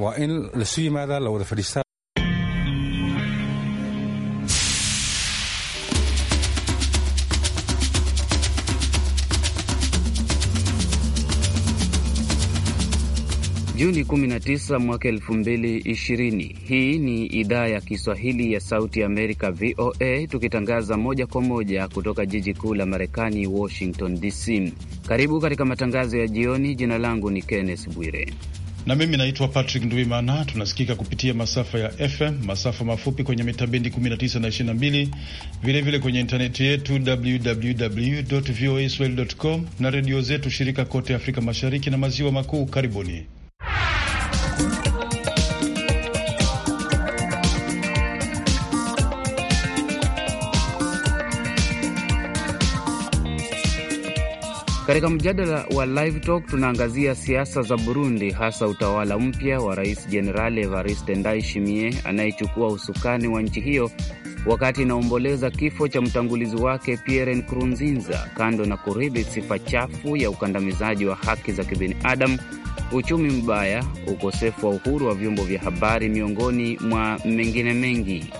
waa in lasu yimaada la wada fadhiistaa. Juni 19 mwaka 2020. Hii ni idhaa ya Kiswahili ya Sauti ya Amerika, VOA, tukitangaza moja kwa moja kutoka jiji kuu la Marekani, Washington DC. Karibu katika matangazo ya jioni. Jina langu ni Kenneth Bwire na mimi naitwa Patrick Ndwimana. Tunasikika kupitia masafa ya FM, masafa mafupi kwenye mitabendi 19 na 22, vilevile kwenye intaneti yetu www voa swahili com na redio zetu shirika kote Afrika Mashariki na Maziwa Makuu. Karibuni. Katika mjadala wa Live Talk tunaangazia siasa za Burundi, hasa utawala mpya wa Rais Jenerali Evariste Ndayishimiye anayechukua usukani wa nchi hiyo wakati inaomboleza kifo cha mtangulizi wake Pierre Nkurunziza, kando na kuridhi sifa chafu ya ukandamizaji wa haki za kibinadamu, uchumi mbaya, ukosefu wa uhuru wa vyombo vya habari, miongoni mwa mengine mengi.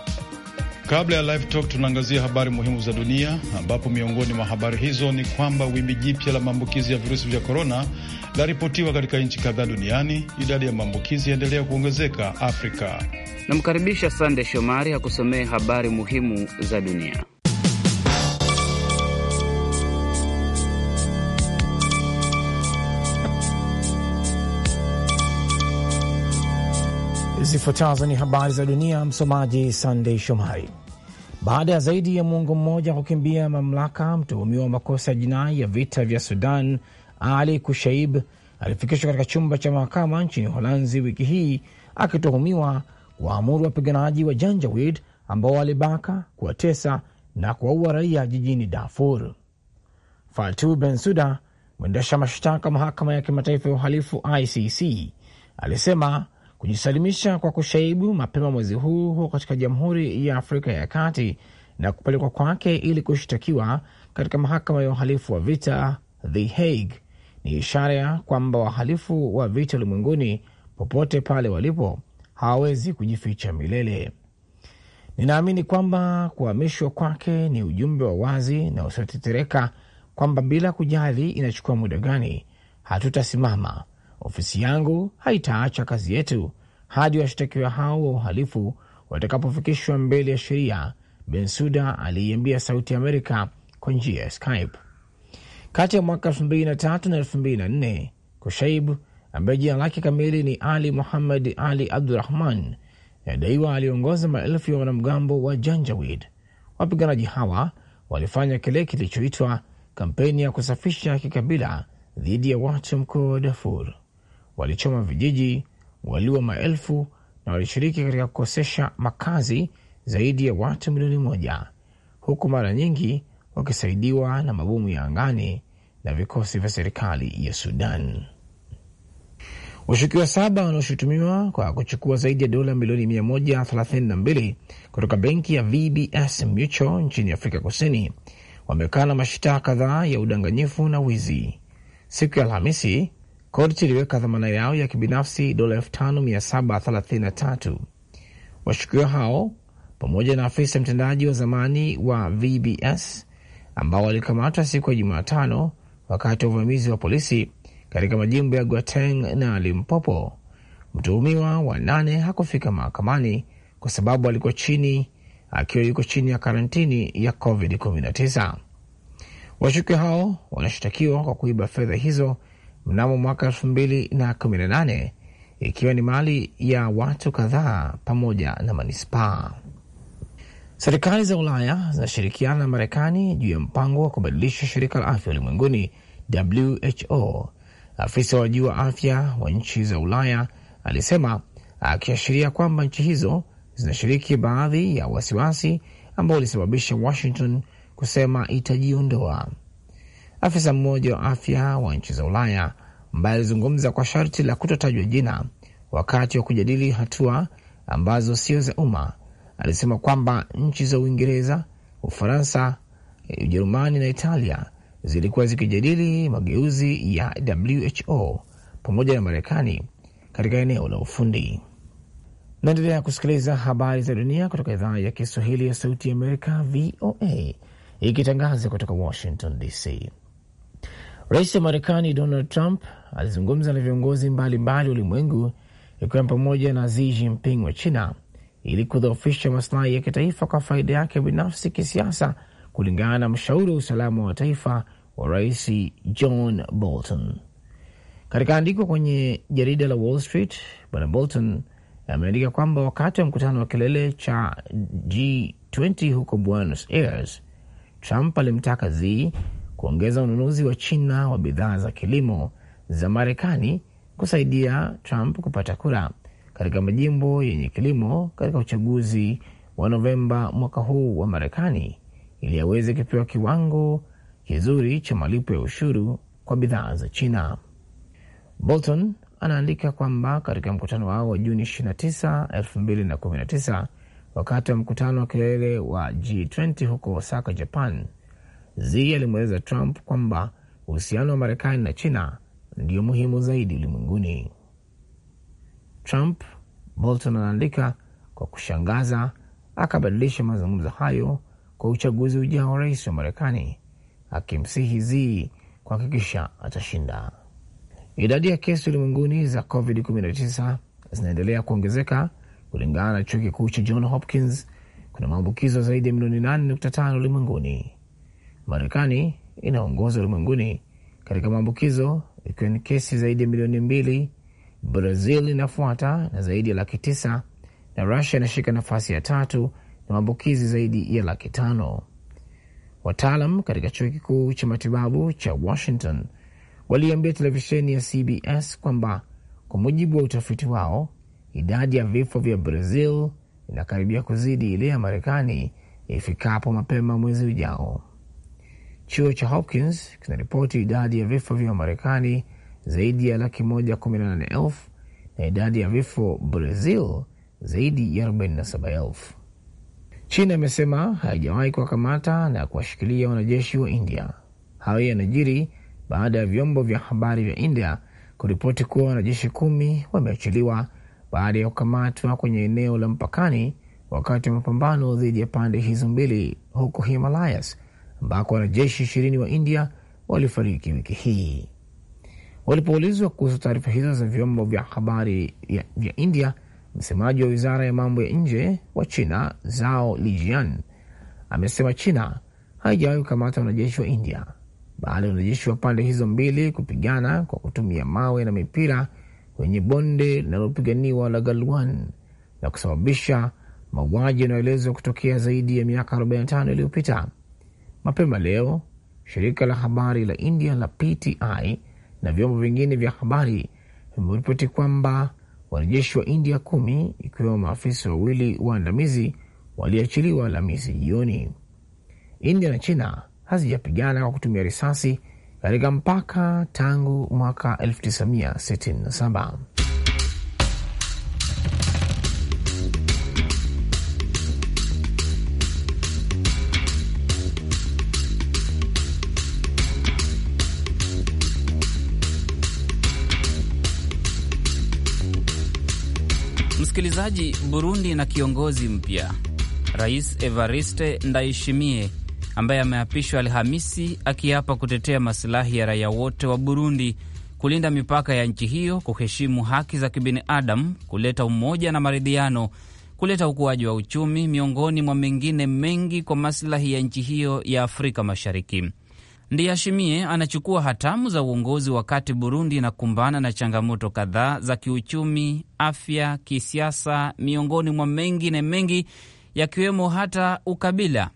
Kabla ya live talk, tunaangazia habari muhimu za dunia, ambapo miongoni mwa habari hizo ni kwamba wimbi jipya la maambukizi ya virusi vya korona laripotiwa katika nchi kadhaa duniani. Idadi ya maambukizi yaendelea kuongezeka Afrika. Namkaribisha Sande Shomari akusomee habari muhimu za dunia. Zifuatazo ni habari za dunia, msomaji sandey Shomari. Baada ya zaidi ya muongo mmoja kukimbia mamlaka, mtuhumiwa wa makosa ya jinai ya vita vya Sudan Ali Kushaib alifikishwa katika chumba cha mahakama nchini Uholanzi wiki hii akituhumiwa kuwaamuru wapiganaji wa Janjawid ambao walibaka, kuwatesa na kuwaua raia jijini Darfur. Fatu Bensuda, mwendesha mashtaka mahakama ya kimataifa ya uhalifu ICC, alisema kujisalimisha kwa kushaibu mapema mwezi huu huko katika Jamhuri ya Afrika ya Kati na kupelekwa kwake ili kushtakiwa katika mahakama ya uhalifu wa vita The Hague ni ishara ya kwamba wahalifu wa vita ulimwenguni popote pale walipo hawawezi kujificha milele. Ninaamini kwamba kuhamishwa kwake ni ujumbe wa wazi na usiotetereka kwamba bila kujali inachukua muda gani, hatutasimama Ofisi yangu haitaacha kazi yetu hadi washtakiwa hao wa uhalifu watakapofikishwa mbele ya sheria, Bensuda aliiambia Sauti Amerika kwa njia ya Skype. Kati ya mwaka 2003 na 2004, Kushaib ambaye jina lake kamili ni Ali Muhammad Ali Abdurahman nadaiwa aliongoza maelfu ya wanamgambo wa Janjawid. Wapiganaji hawa walifanya kile kilichoitwa kampeni ya kusafisha kikabila dhidi ya watu mkoa wa Darfur walichoma vijiji, waliua maelfu na walishiriki katika kukosesha makazi zaidi ya watu milioni moja, huku mara nyingi wakisaidiwa na mabomu ya angani na vikosi vya serikali ya Sudan. Washukiwa saba wanaoshutumiwa kwa kuchukua zaidi ya dola milioni 132 kutoka benki ya VBS Mutual nchini Afrika Kusini wamekaa na mashtaka kadhaa ya udanganyifu na wizi. Siku ya Alhamisi, Korti iliweka dhamana yao ya kibinafsi dola elfu tano mia saba thelathini na tatu. Washukiwa hao pamoja na afisa mtendaji wa zamani wa VBS ambao walikamatwa siku ya Jumatano wakati wa uvamizi wa polisi katika majimbo ya Gauteng na Limpopo. Mtuhumiwa wa nane hakufika mahakamani kwa sababu alikuwa chini akiwa yuko chini ya karantini ya COVID-19. Washukiwa hao wanashtakiwa kwa kuiba fedha hizo mnamo mwaka elfu mbili na kumi na nane ikiwa ni mali ya watu kadhaa pamoja na manispaa. Serikali za Ulaya zinashirikiana na Marekani juu ya mpango wa kubadilisha shirika la afya ulimwenguni WHO. Afisa wa juu wa afya wa nchi za Ulaya alisema akiashiria kwamba nchi hizo zinashiriki baadhi ya wasiwasi ambao ulisababisha Washington kusema itajiondoa. Afisa mmoja wa afya wa nchi za Ulaya ambaye alizungumza kwa sharti la kutotajwa jina wakati wa kujadili hatua ambazo sio za umma alisema kwamba nchi za Uingereza, Ufaransa, Ujerumani na Italia zilikuwa zikijadili mageuzi ya WHO pamoja na Marekani katika eneo la ufundi. Naendelea kusikiliza habari za dunia kutoka idhaa ya Kiswahili ya Sauti ya Amerika, VOA, ikitangaza kutoka Washington DC. Rais wa Marekani Donald Trump alizungumza na viongozi mbalimbali ulimwengu, ikiwemo pamoja na Xi Jinping wa China ili kudhoofisha masilahi ya kitaifa kwa faida yake binafsi kisiasa, kulingana na mshauri wa usalama wa taifa wa rais John Bolton. Katika andiko kwenye jarida la Wall Street, bwana Bolton ameandika kwamba wakati wa mkutano wa kilele cha G20 huko Buenos Aires, Trump alimtaka Xi kuongeza ununuzi wa China wa bidhaa za kilimo za Marekani kusaidia Trump kupata kura katika majimbo yenye kilimo katika uchaguzi wa Novemba mwaka huu wa Marekani ili aweze kupewa kiwango kizuri cha malipo ya ushuru kwa bidhaa za China. Bolton anaandika kwamba katika mkutano wao wa Juni 29, 2019 wakati wa mkutano wa kilele wa G20 huko Osaka, Japan, Zi alimweleza Trump kwamba uhusiano wa Marekani na China ndio muhimu zaidi ulimwenguni. Trump, Bolton anaandika, kwa kushangaza akabadilisha mazungumzo hayo kwa uchaguzi ujao wa rais wa Marekani, akimsihi Zi kuhakikisha atashinda. Idadi ya kesi ulimwenguni za COVID-19 zinaendelea kuongezeka kulingana na chuo kikuu cha John Hopkins. Kuna maambukizo zaidi ya milioni 8.5 ulimwenguni. Marekani inaongoza ulimwenguni katika maambukizo ikiwa ni kesi zaidi ya milioni mbili. Brazil inafuata na zaidi ya laki tisa na Rusia inashika nafasi ya tatu na maambukizi zaidi ya laki tano. Wataalam katika chuo kikuu cha matibabu cha Washington waliambia televisheni ya CBS kwamba kwa mujibu wa utafiti wao idadi ya vifo vya Brazil inakaribia kuzidi ile ya Marekani ifikapo mapema mwezi ujao. Chuo cha Hopkins kinaripoti idadi ya vifo vya Marekani zaidi ya laki moja kumi na nane elfu na idadi ya vifo Brazil zaidi ya 47,000. China imesema haijawahi kuwakamata na kuwashikilia wanajeshi wa India. Hayo yanajiri baada ya vyombo vya habari vya India kuripoti kuwa wanajeshi kumi wameachiliwa baada ya kukamatwa kwenye eneo la mpakani wakati wa mapambano dhidi ya pande hizo mbili huko Himalayas ambako wanajeshi ishirini wa India walifariki wiki hii. Walipoulizwa kuhusu taarifa hizo za vyombo vya habari vya India, msemaji wa wizara ya mambo ya nje wa China Zao Lijian amesema China haijawahi kukamata wanajeshi wa India baada ya wanajeshi wa pande hizo mbili kupigana kwa kutumia mawe na mipira kwenye bonde linalopiganiwa la Galwan na kusababisha mauaji yanayoelezwa kutokea zaidi ya miaka 45 iliyopita Mapema leo shirika la habari la India la PTI na vyombo vingine vya habari vimeripoti kwamba wanajeshi wa India kumi ikiwemo maafisa wawili waandamizi waliachiliwa Alhamisi jioni. India na China hazijapigana kwa kutumia risasi katika mpaka tangu mwaka 1967. Msikilizaji, Burundi na kiongozi mpya Rais Evariste Ndayishimiye ambaye ameapishwa Alhamisi akiapa kutetea masilahi ya raia wote wa Burundi, kulinda mipaka ya nchi hiyo, kuheshimu haki za kibinadamu, kuleta umoja na maridhiano, kuleta ukuaji wa uchumi, miongoni mwa mengine mengi kwa masilahi ya nchi hiyo ya Afrika Mashariki ndiashimie anachukua hatamu za uongozi wakati Burundi inakumbana na changamoto kadhaa za kiuchumi, afya, kisiasa, miongoni mwa mengine mengi yakiwemo hata ukabila.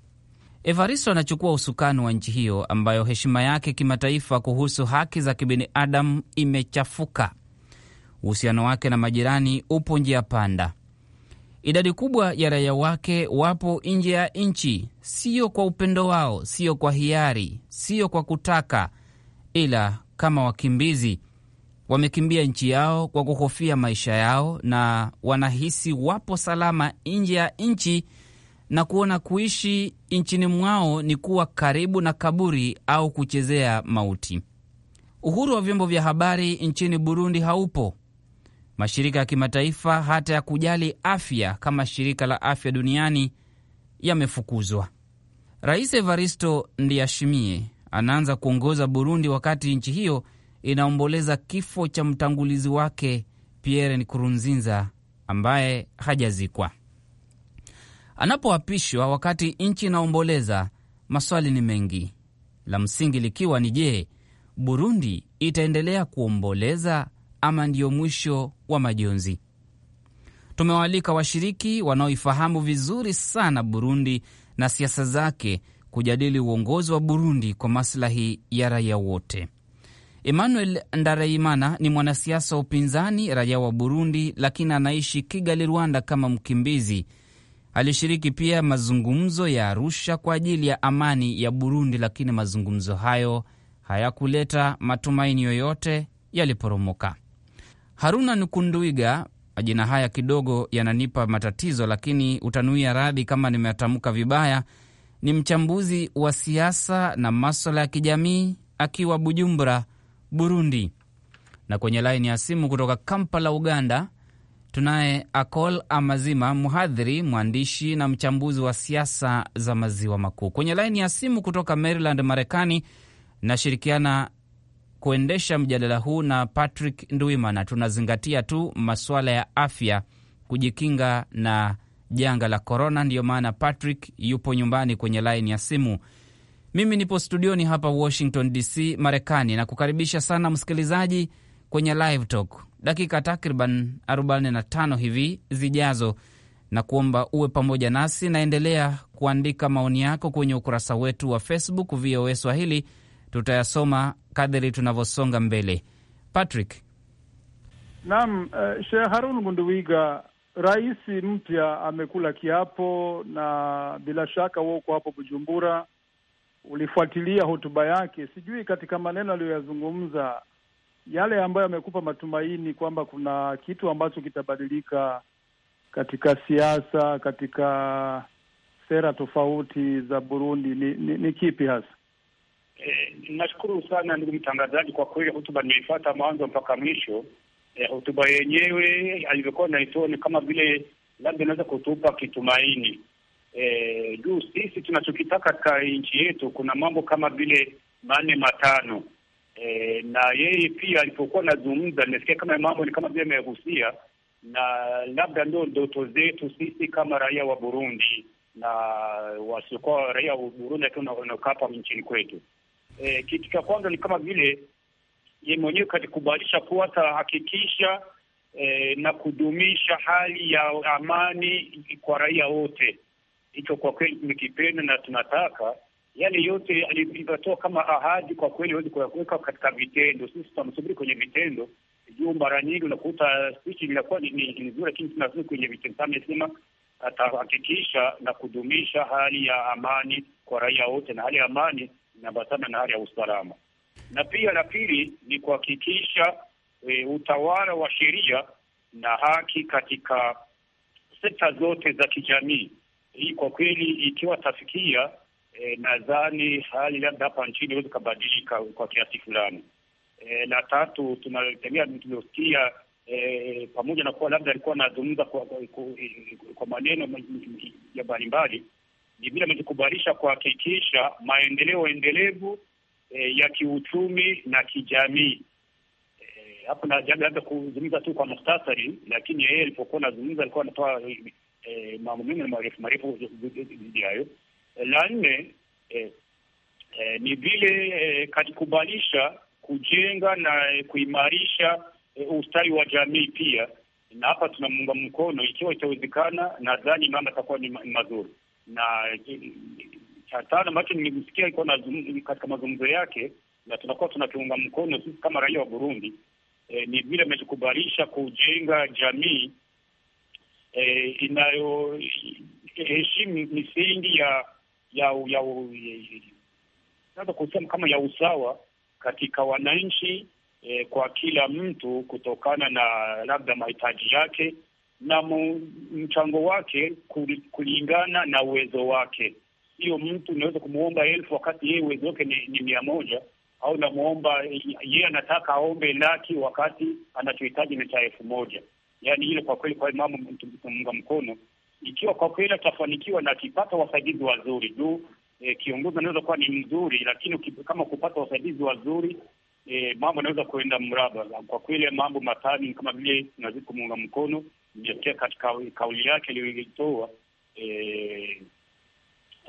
Evaristo anachukua usukani wa nchi hiyo ambayo heshima yake kimataifa kuhusu haki za kibinadamu imechafuka. Uhusiano wake na majirani upo njia panda. Idadi kubwa ya raia wake wapo nje ya nchi, sio kwa upendo wao, sio kwa hiari, sio kwa kutaka, ila kama wakimbizi. Wamekimbia nchi yao kwa kuhofia maisha yao, na wanahisi wapo salama nje ya nchi na kuona kuishi nchini mwao ni kuwa karibu na kaburi au kuchezea mauti. Uhuru wa vyombo vya habari nchini Burundi haupo. Mashirika ya kimataifa hata ya kujali afya kama shirika la afya duniani yamefukuzwa. Rais Evaristo Ndiashimie anaanza kuongoza Burundi wakati nchi hiyo inaomboleza kifo cha mtangulizi wake Pierre Nkurunziza ambaye hajazikwa. Anapoapishwa wakati nchi inaomboleza, maswali ni mengi, la msingi likiwa ni je, Burundi itaendelea kuomboleza ama ndiyo mwisho wa majonzi. Tumewaalika washiriki wanaoifahamu vizuri sana Burundi na siasa zake kujadili uongozi wa Burundi kwa maslahi ya raia wote. Emmanuel ndareimana ni mwanasiasa wa upinzani, raia wa Burundi, lakini anaishi Kigali, Rwanda, kama mkimbizi. Alishiriki pia mazungumzo ya Arusha kwa ajili ya amani ya Burundi, lakini mazungumzo hayo hayakuleta matumaini yoyote, yaliporomoka. Haruna Nukunduiga. Majina haya kidogo yananipa matatizo, lakini utanuia radhi kama nimetamka vibaya. Ni mchambuzi wa siasa na maswala ya kijamii akiwa Bujumbura, Burundi. Na kwenye laini ya simu kutoka Kampala, Uganda, tunaye Akol Amazima, mhadhiri, mwandishi na mchambuzi wa siasa za maziwa makuu. Kwenye laini ya simu kutoka Maryland, Marekani, nashirikiana kuendesha mjadala huu na Patrick Ndwimana, tunazingatia tu masuala ya afya, kujikinga na janga la korona. Ndiyo maana Patrick yupo nyumbani kwenye laini ya simu. Mimi nipo studioni hapa Washington DC, Marekani, na kukaribisha sana msikilizaji kwenye Live Talk dakika takriban 45 hivi zijazo, na kuomba uwe pamoja nasi. Naendelea kuandika maoni yako kwenye ukurasa wetu wa Facebook VOA Swahili tutayasoma kadiri tunavyosonga mbele. Patrick. Naam, uh, Sheikh Harun Gunduwiga, rais mpya amekula kiapo, na bila shaka wewe uko hapo Bujumbura, ulifuatilia hotuba yake. Sijui katika maneno aliyoyazungumza yale ambayo amekupa matumaini kwamba kuna kitu ambacho kitabadilika katika siasa, katika sera tofauti za Burundi ni, ni, ni kipi hasa? Eh, nashukuru sana ndugu mtangazaji, kwa kweli hotuba nimeifuata mwanzo mpaka mwisho. Eh, hotuba eh, yenyewe alivyokuwa naitoa ni kama vile labda inaweza kutupa kitumaini e, juu sisi tunachokitaka katika nchi yetu kuna mambo kama vile manne matano e, na yeye pia alipokuwa anazungumza nimesikia kama mambo ni kama vile amegusia, na labda ndio ndoto zetu sisi kama raia wa Burundi na wasiokuwa raia wa Burundi lakini wanaokaa hapa nchini kwetu e, kitu cha kwanza ni kama vile ye mwenyewe katikubalisha kuwa atahakikisha e, na kudumisha hali ya amani kwa raia wote. Hicho kwa kweli tumekipenda na tunataka yale yote alivyotoa kama ahadi kwa kweli wezi kuyaweka katika vitendo. Sisi tunamsubiri kwenye vitendo juu. Mara nyingi unakuta spichi inakuwa ni nzuri, lakini tunasubiri kwenye vitendo. Amesema atahakikisha na kudumisha hali ya amani kwa raia wote, na hali ya amani inaambatana na hali ya usalama, na pia la pili ni kuhakikisha e, utawala wa sheria na haki katika sekta zote za kijamii. Hii kwa kweli ikiwa tafikia e, nadhani hali labda hapa nchini iweze ikabadilika kwa kiasi fulani. E, la tatu tunalotembea tuliosikia e, pamoja na kuwa labda alikuwa anazungumza kwa, kwa, kwa, kwa maneno ya mbalimbali ni vile amejikubarisha kuhakikisha maendeleo endelevu e, ya kiuchumi na kijamii. Eh, hapo naanza kuzungumza tu kwa muhtasari, lakini yeye alipokuwa anazungumza alikuwa anatoa e, mambo mengi marefu marefu dhidi hayo. La nne e, e, ni vile e, katikubalisha kujenga na e, kuimarisha e, ustawi wa jamii pia, na hapa tunamuunga mkono ikiwa itawezekana, nadhani mambo atakuwa ni mazuri na cha tano ambacho nilimsikia iko katika mazungumzo yake, na tunakuwa tunakiunga mkono sisi kama raia wa Burundi e, ni vile ametukubalisha kujenga jamii e, inayoheshimu e, misingi ya ya ya, ya kusema kama ya usawa katika wananchi e, kwa kila mtu kutokana na labda mahitaji yake na mchango wake kulingana na uwezo wake. Hiyo mtu unaweza kumwomba elfu wakati yeye uwezo wake ni, ni mia moja au namwomba yeye anataka aombe laki wakati anachohitaji ni cha elfu moja. Yaani ile kwa kweli, kwa mama mtumunga mkono ikiwa kwa kweli atafanikiwa na akipata wasaidizi wazuri tu. E, kiongozi anaweza kuwa ni mzuri, lakini kama kupata wasaidizi wazuri e, mambo anaweza kuenda mraba. Kwa kweli mambo matani kama vile nazidi kumuunga mkono katika kauli yake aliyoitoa eh,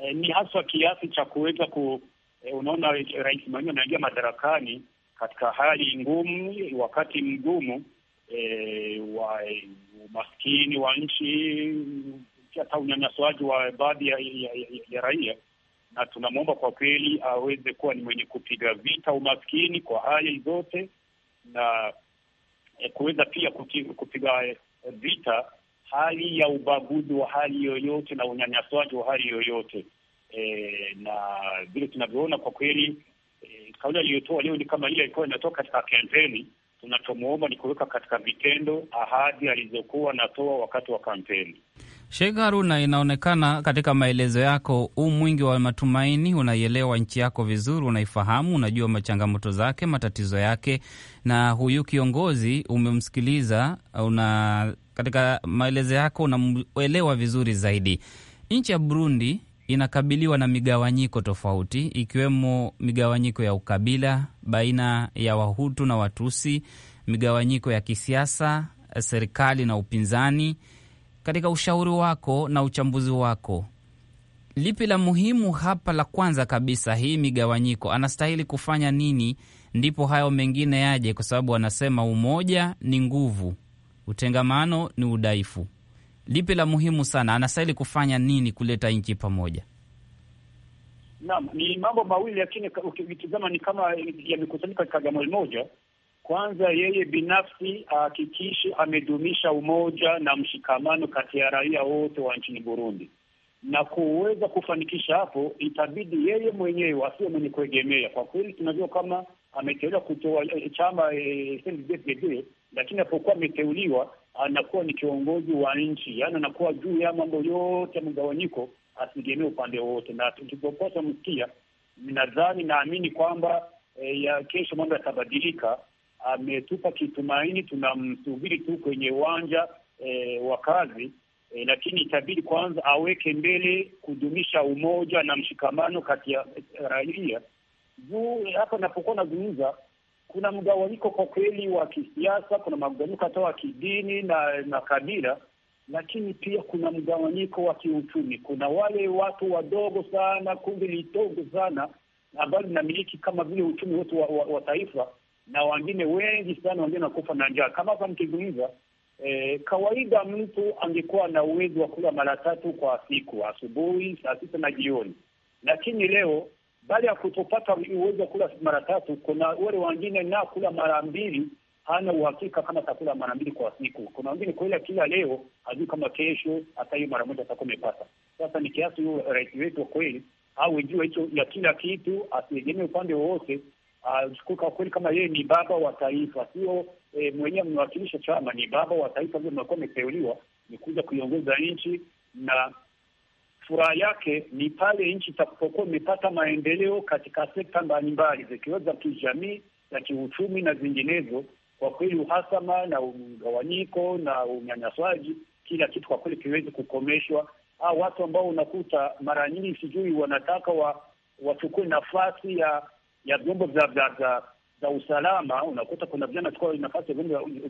eh, ni haswa kiasi cha kuweza ku eh, unaona Rais Maina anaingia madarakani katika hali ngumu, wakati mgumu eh, wa umaskini wa nchi, hata unyanyaswaji wa baadhi ya, ya, ya, ya raia na tunamwomba kwa kweli aweze kuwa ni mwenye kupiga vita umaskini kwa hali zote na e, kuweza pia kupiga vita, hali ya ubaguzi wa hali yoyote na unyanyasaji wa hali yoyote e, na vile tunavyoona kwa kweli e, kauli aliyotoa leo ni kama ile ilikuwa inatoka katika kampeni. Tunachomwomba ni kuweka katika vitendo ahadi alizokuwa anatoa wakati wa kampeni. Sheikh Haruna, inaonekana katika maelezo yako huu mwingi wa matumaini, unaielewa nchi yako vizuri, unaifahamu, unajua machangamoto zake, matatizo yake, na huyu kiongozi umemsikiliza, una katika maelezo yako unamuelewa vizuri zaidi. Nchi ya Burundi inakabiliwa na migawanyiko tofauti, ikiwemo migawanyiko ya ukabila baina ya Wahutu na Watusi, migawanyiko ya kisiasa, serikali na upinzani katika ushauri wako na uchambuzi wako, lipi la muhimu hapa? La kwanza kabisa, hii migawanyiko, anastahili kufanya nini? Ndipo hayo mengine yaje, kwa sababu anasema umoja ni nguvu, utengamano ni udhaifu. Lipi la muhimu sana, anastahili kufanya nini kuleta nchi pamoja? Naam, ni mambo mawili, lakini ukitizama ni kama yamekusanyika katika jambo moja kwanza yeye binafsi ahakikishe amedumisha umoja na mshikamano kati ya raia wote wa nchini Burundi, na kuweza kufanikisha hapo itabidi yeye mwenyewe asiwe mwenye kuegemea. Kwa kweli tunajua kama ameteuliwa kutoa eh, chama e, eh, CNDD-FDD, lakini apokuwa ameteuliwa anakuwa ni kiongozi wa nchi, yaani anakuwa juu ya mambo yote ya mgawanyiko, asigemee upande wowote. Na tulipokuwa tunamsikia, nadhani naamini kwamba e, ya kesho mambo yatabadilika ametupa kitumaini, tunamsubiri tu kwenye uwanja e, wa kazi e, lakini itabidi kwanza aweke mbele kudumisha umoja na mshikamano kati ya eh, raia. Juu hapa napokuwa nazungumza, kuna mgawanyiko kwa kweli wa kisiasa, kuna mgawanyiko hata wa kidini na, na kabila lakini pia kuna mgawanyiko wa kiuchumi. Kuna wale watu wadogo sana, kundi litogo sana ambayo linamiliki kama vile uchumi wote wa, wa, wa taifa, na wengine wengi sana wengine wanakufa na njaa. Kama hapa nikizungumza eh, kawaida mtu angekuwa na uwezo wa kula mara tatu kwa siku, asubuhi, saa sita na jioni, lakini leo baada ya kutopata uwezo wa kula mara tatu, kuna wale wengine na kula mara mbili, hana uhakika kama atakula mara mbili kwa siku. Kuna wengine kula kila leo, hajui kama kesho hata hiyo mara moja atakuwa amepata. Sasa ni kiasi huyo rais wetu kweli au jua hicho ya kila kitu, asiegemee upande wowote, Uh, kwa kweli kama yeye ni baba wa taifa, sio e, eh, mwenyewe mnawakilisha chama, ni baba wa taifa, ndio mnakuwa umeteuliwa ni kuja kuiongoza nchi, na furaha yake ni pale nchi itakapokuwa imepata maendeleo katika sekta mbalimbali zikiwa za kijamii na kiuchumi na zinginezo. Kwa kweli uhasama na mgawanyiko na unyanyaswaji, kila kitu kwa kweli kiwezi kukomeshwa. au ah, watu ambao unakuta mara nyingi sijui wanataka wa wachukue nafasi ya ya vyombo vya usalama, unakuta kuna vijana tukao nafasi ya vyombo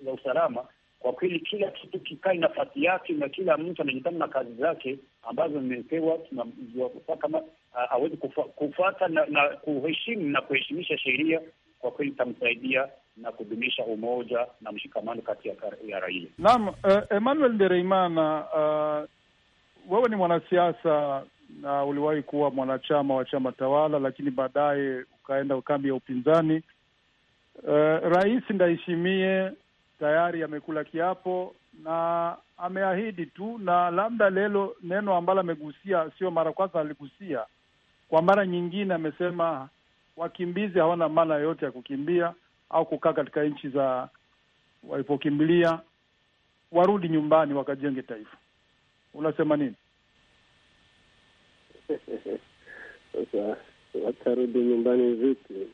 vya usalama. Kwa kweli, kila kitu kikae nafasi yake na kila mtu anajitama na kazi zake ambazo zimepewa. Tunajua kama awezi kufuata na kuheshimu na kuheshimisha sheria, kwa kweli itamsaidia na kudumisha umoja na mshikamano kati ya, ya raia. Naam, uh, Emmanuel Ndereimana, uh, eh, wewe ni mwanasiasa na uliwahi kuwa mwanachama wa chama tawala, lakini baadaye ukaenda kambi ya upinzani. Uh, Rais Ndayishimiye tayari amekula kiapo na ameahidi tu, na labda lelo neno ambalo amegusia, sio mara kwanza aligusia, kwa mara nyingine amesema wakimbizi hawana maana yoyote ya kukimbia au kukaa katika nchi za walipokimbilia, warudi nyumbani wakajenge taifa. Unasema nini? Sasa watarudi nyumbani vipi?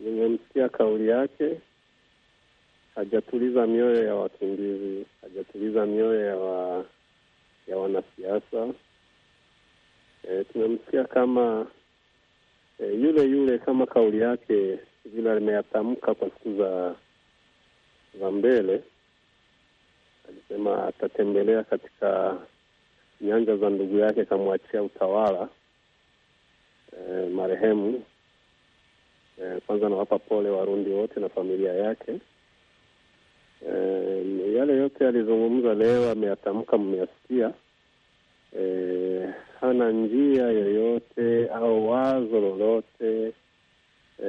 Nimemsikia kauli yake, hajatuliza mioyo ya wakimbizi, hajatuliza mioyo ya wa, ya wanasiasa. E, tumemsikia kama e, yule yule kama kauli yake vile ameyatamka kwa siku za za mbele. Alisema atatembelea katika nyanja za ndugu yake kamwachia utawala e, marehemu e, kwanza nawapa pole Warundi wote na familia yake. E, yale yote alizungumza leo ameyatamka, mmeyasikia. E, hana njia yoyote au wazo lolote e,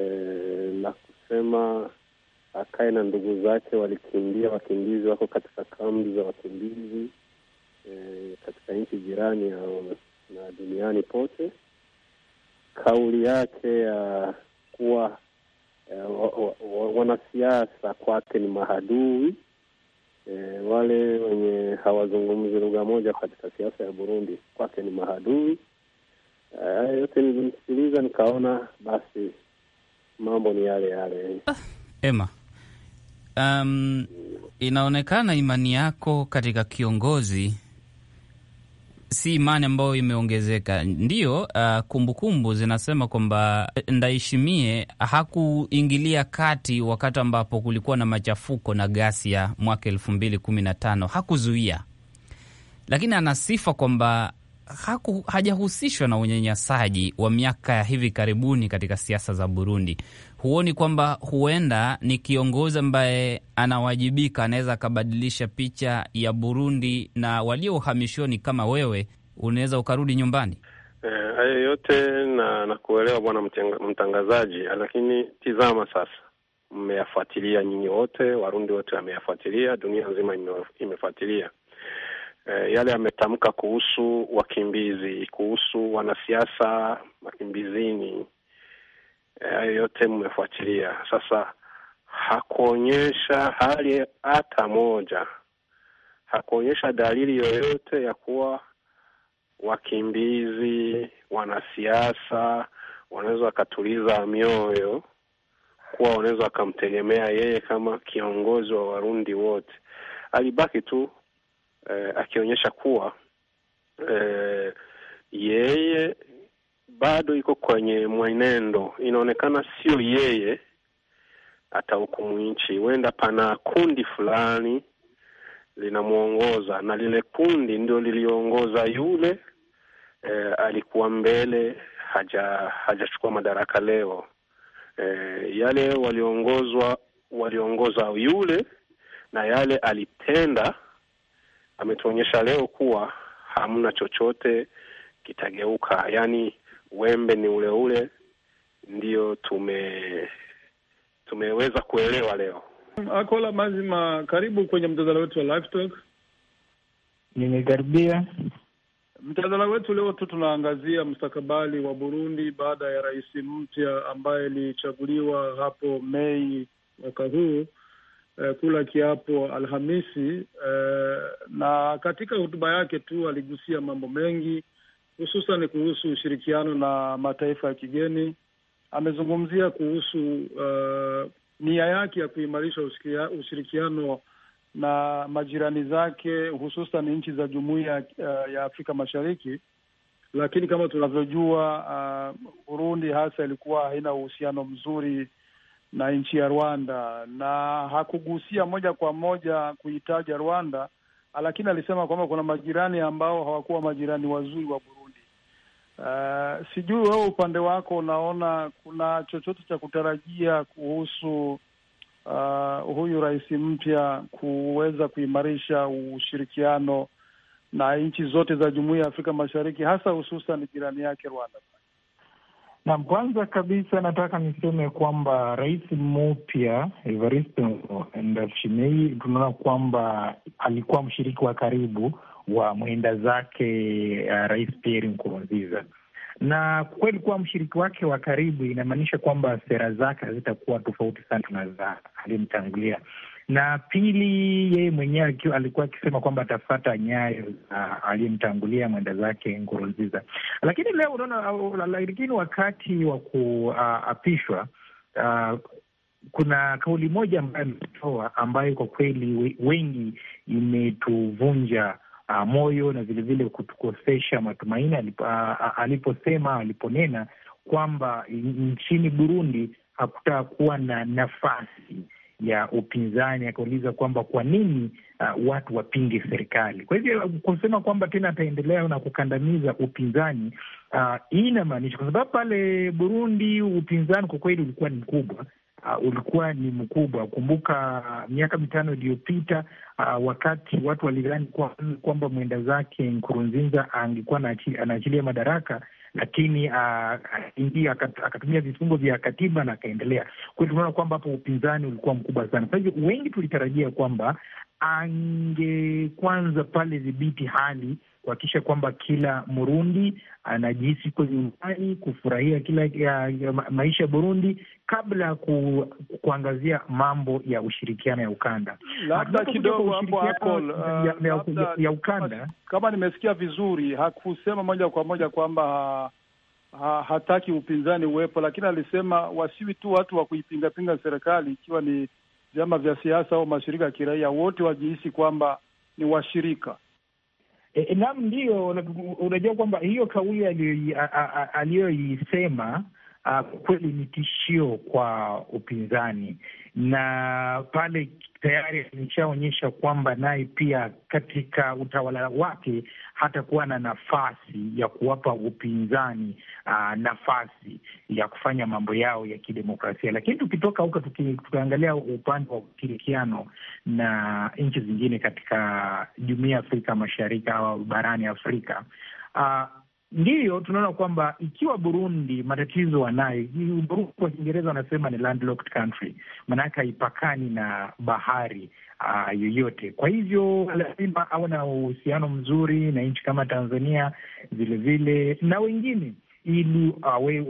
la kusema akae na ndugu zake walikimbia, wakimbizi wako katika kambi za wakimbizi e, katika nchi jirani na, na duniani pote. Kauli yake ya kuwa uh, wa, wa, wa, wanasiasa kwake ni mahadui e, eh, wale wenye hawazungumzi lugha moja katika siasa ya Burundi kwake ni mahadui. Haya yote nilimsikiliza, nikaona basi mambo ni yale yale. Ah, Ema, um, inaonekana imani yako katika kiongozi si imani ambayo imeongezeka. Ndiyo, uh, kumbukumbu zinasema kwamba eh, ndaishimie hakuingilia kati wakati ambapo kulikuwa na machafuko na ghasia mwaka elfu mbili kumi na tano hakuzuia, lakini anasifa kwamba haku, hajahusishwa na unyanyasaji wa miaka ya hivi karibuni katika siasa za Burundi, huoni kwamba huenda ni kiongozi ambaye anawajibika anaweza akabadilisha picha ya Burundi na walio uhamishoni kama wewe unaweza ukarudi nyumbani? Eh, hayo eh, yote na nakuelewa bwana mtangazaji, lakini tizama sasa, mmeyafuatilia nyinyi wote, Warundi wote wameyafuatilia, dunia nzima imefuatilia ime eh, yale ametamka kuhusu wakimbizi, kuhusu wanasiasa makimbizini, eh, hayo eh, yote mmefuatilia. Sasa hakuonyesha hali hata moja, hakuonyesha dalili yoyote ya kuwa wakimbizi, wanasiasa wanaweza wakatuliza mioyo kuwa wanaweza wakamtegemea yeye kama kiongozi wa Warundi wote. Alibaki tu eh, akionyesha kuwa eh, yeye bado iko kwenye mwenendo, inaonekana sio yeye atahukumu nchi. Huenda pana kundi fulani linamwongoza na lile kundi ndio liliongoza yule eh, alikuwa mbele haja hajachukua madaraka leo. Eh, yale waliongozwa waliongoza yule na yale alitenda ametuonyesha leo kuwa hamna chochote kitageuka, yaani wembe ni ule ule, Ndio tume tumeweza kuelewa leo. Akola Mazima, karibu kwenye mtazala wetu wa Live Talk. Nimekaribia wetu leo tu, tunaangazia mustakabali wa Burundi baada ya rais mpya ambaye alichaguliwa hapo Mei mwaka huu eh, kula kiapo Alhamisi eh, na katika hotuba yake tu aligusia mambo mengi hususan kuhusu ushirikiano na mataifa ya kigeni. Amezungumzia kuhusu uh, nia yake ya kuimarisha ushirikiano na majirani zake hususan nchi za jumuiya uh, ya Afrika Mashariki, lakini kama tunavyojua, uh, Burundi hasa ilikuwa haina uhusiano mzuri na nchi ya Rwanda, na hakugusia moja kwa moja kuitaja Rwanda, lakini alisema kwamba kuna majirani ambao hawakuwa majirani wazuri wa Burundi. Uh, sijui wewe upande wako unaona kuna chochote cha kutarajia kuhusu uh, huyu rais mpya kuweza kuimarisha ushirikiano na nchi zote za Jumuiya ya Afrika Mashariki, hasa hususan jirani yake Rwanda? Naam, kwanza kabisa nataka niseme kwamba rais mpya Evaristo Ndayishimiye tunaona kwamba alikuwa mshiriki wa karibu wa mwenda zake uh, rais Pierre Nkurunziza, na kweli kuwa mshiriki wake wa karibu inamaanisha kwamba sera zake hazitakuwa tofauti sana na za aliyemtangulia na pili, yeye mwenyewe alikuwa akisema kwamba atafata nyayo za aliyemtangulia mwenda zake Nkurunziza. Lakini leo unaona, lakini wakati wa kuapishwa uh, kuna kauli moja ambayo ametoa ambayo kwa kweli wengi imetuvunja uh, moyo na vilevile kutukosesha matumaini uh, aliposema aliponena kwamba nchini Burundi hakutakuwa kuwa na nafasi ya upinzani akauliza kwamba kwa nini uh, watu wapinge serikali. Kwa hivyo kusema kwamba tena ataendelea na kukandamiza upinzani uh, inamaanisha, kwa sababu pale Burundi upinzani kwa kweli ulikuwa ni mkubwa. Uh, ulikuwa ni mkubwa. Kumbuka uh, miaka mitano iliyopita uh, wakati watu walidhani kwamba mwenda zake Nkurunziza angekuwa anaachilia madaraka lakini ah, ah, akaingia akatumia vifungo vya katiba na akaendelea. Kwa hiyo tunaona kwamba hapo upinzani ulikuwa mkubwa sana. Kwa hivyo wengi tulitarajia kwamba angekwanza pale dhibiti hali kuhakikisha kwamba kila Mrundi anajihisi ko nyumbani, kufurahia kila ya, ya maisha ya Burundi kabla ku, kuangazia mambo ya ushirikiano ya ukanda. Labda kidogo hapo hapo ya, ya, ya, ya ukanda, kama nimesikia vizuri, hakusema moja kwa moja kwamba ha, hataki upinzani uwepo, lakini alisema wasiwi tu watu wa kuipingapinga serikali, ikiwa ni vyama vya siasa au mashirika ya kiraia, wote wajihisi kwamba ni washirika E, naam, ndio unajua kwamba hiyo kauli aliyoisema kwa ah, kweli ni tishio kwa upinzani, na pale tayari ameshaonyesha kwamba naye pia katika utawala wake hatakuwa na nafasi ya kuwapa upinzani ah, nafasi ya kufanya mambo yao ya kidemokrasia. Lakini tukitoka huko tukiangalia upande wa ushirikiano na nchi zingine katika jumuiya ya Afrika Mashariki au barani Afrika ah, ndiyo tunaona kwamba ikiwa Burundi matatizo wanayo Burundi, kwa Kiingereza wanasema ni landlocked country, maanake haipakani na bahari uh, yoyote. Kwa hivyo lazima awe na uhusiano mzuri na nchi kama Tanzania vilevile na wengine ili awe,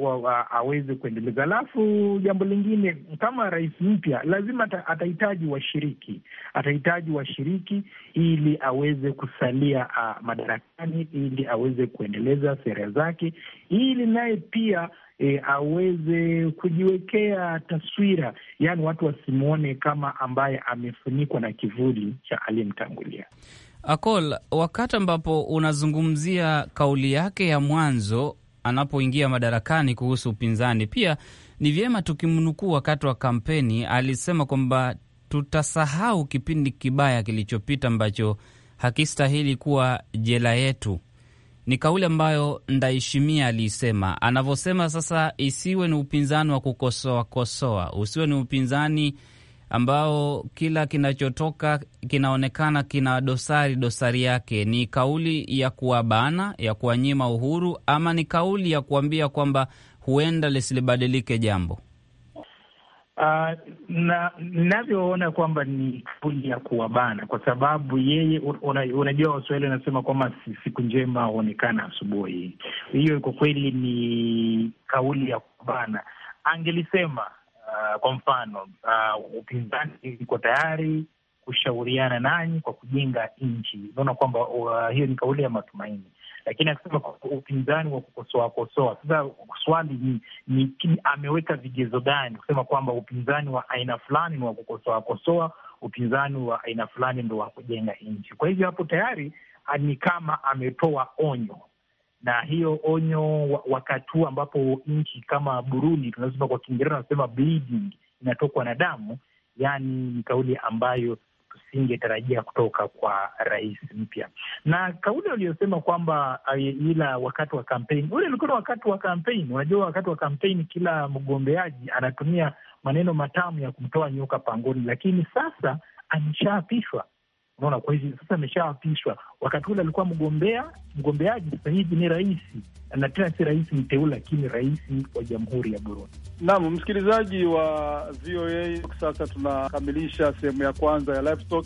aweze kuendeleza. Alafu jambo lingine, kama rais mpya lazima atahitaji washiriki, atahitaji washiriki ili aweze kusalia a, madarakani, ili aweze kuendeleza sera zake, ili naye pia E, aweze kujiwekea taswira, yaani watu wasimwone kama ambaye amefunikwa na kivuli cha aliyemtangulia. Akol, wakati ambapo unazungumzia kauli yake ya mwanzo anapoingia madarakani kuhusu upinzani. Pia ni vyema tukimnukuu, wakati wa kampeni alisema kwamba tutasahau kipindi kibaya kilichopita ambacho hakistahili kuwa jela yetu. Ni kauli ambayo ndaishimia aliisema. Anavyosema sasa, isiwe ni upinzani wa kukosoa kosoa, usiwe ni upinzani ambao kila kinachotoka kinaonekana kina dosari dosari yake. Ni kauli ya kuwabana ya kuwanyima uhuru, ama ni kauli ya kuambia kwamba huenda lisilibadilike jambo? Uh, na ninavyoona kwamba ni kauli ya kuwabana kwa sababu yeye, unajua Waswahili wanasema kwamba siku njema huonekana asubuhi. Hiyo kwa kweli ni kauli ya kuwabana. Angelisema Ah, kwa mfano uh, upinzani iko tayari kushauriana nanyi kwa kujenga nchi. Unaona kwamba uh, hiyo ni kauli ya matumaini, lakini akisema upinzani wa kukosoakosoa. Sasa swali ni, ni ameweka vigezo gani kusema kwamba upinzani wa aina fulani ni wa kukosoakosoa, upinzani wa aina fulani ndo wa kujenga nchi? Kwa hivyo hapo tayari ni kama ametoa onyo na hiyo onyo wakati huu ambapo nchi kama Burundi, tunasema kwa Kiingereza wanasema bleeding, inatokwa na damu, yaani ni kauli ambayo tusingetarajia kutoka kwa rais mpya. Na kauli aliyosema kwamba eh, ila wakati wa kampeni, ule ulikuwa wakati wa kampeni. Unajua, wakati wa kampeni kila mgombeaji anatumia maneno matamu ya kumtoa nyoka pangoni, lakini sasa ameshaapishwa Unaona, kwa hivi sasa ameshaapishwa. Wakati ule alikuwa mgombea mgombeaji, sasa hivi ni rais, na tena si rais mteule, lakini rais wa jamhuri ya Burundi. Naam, msikilizaji wa VOA, sasa tunakamilisha sehemu ya kwanza ya Live Talk,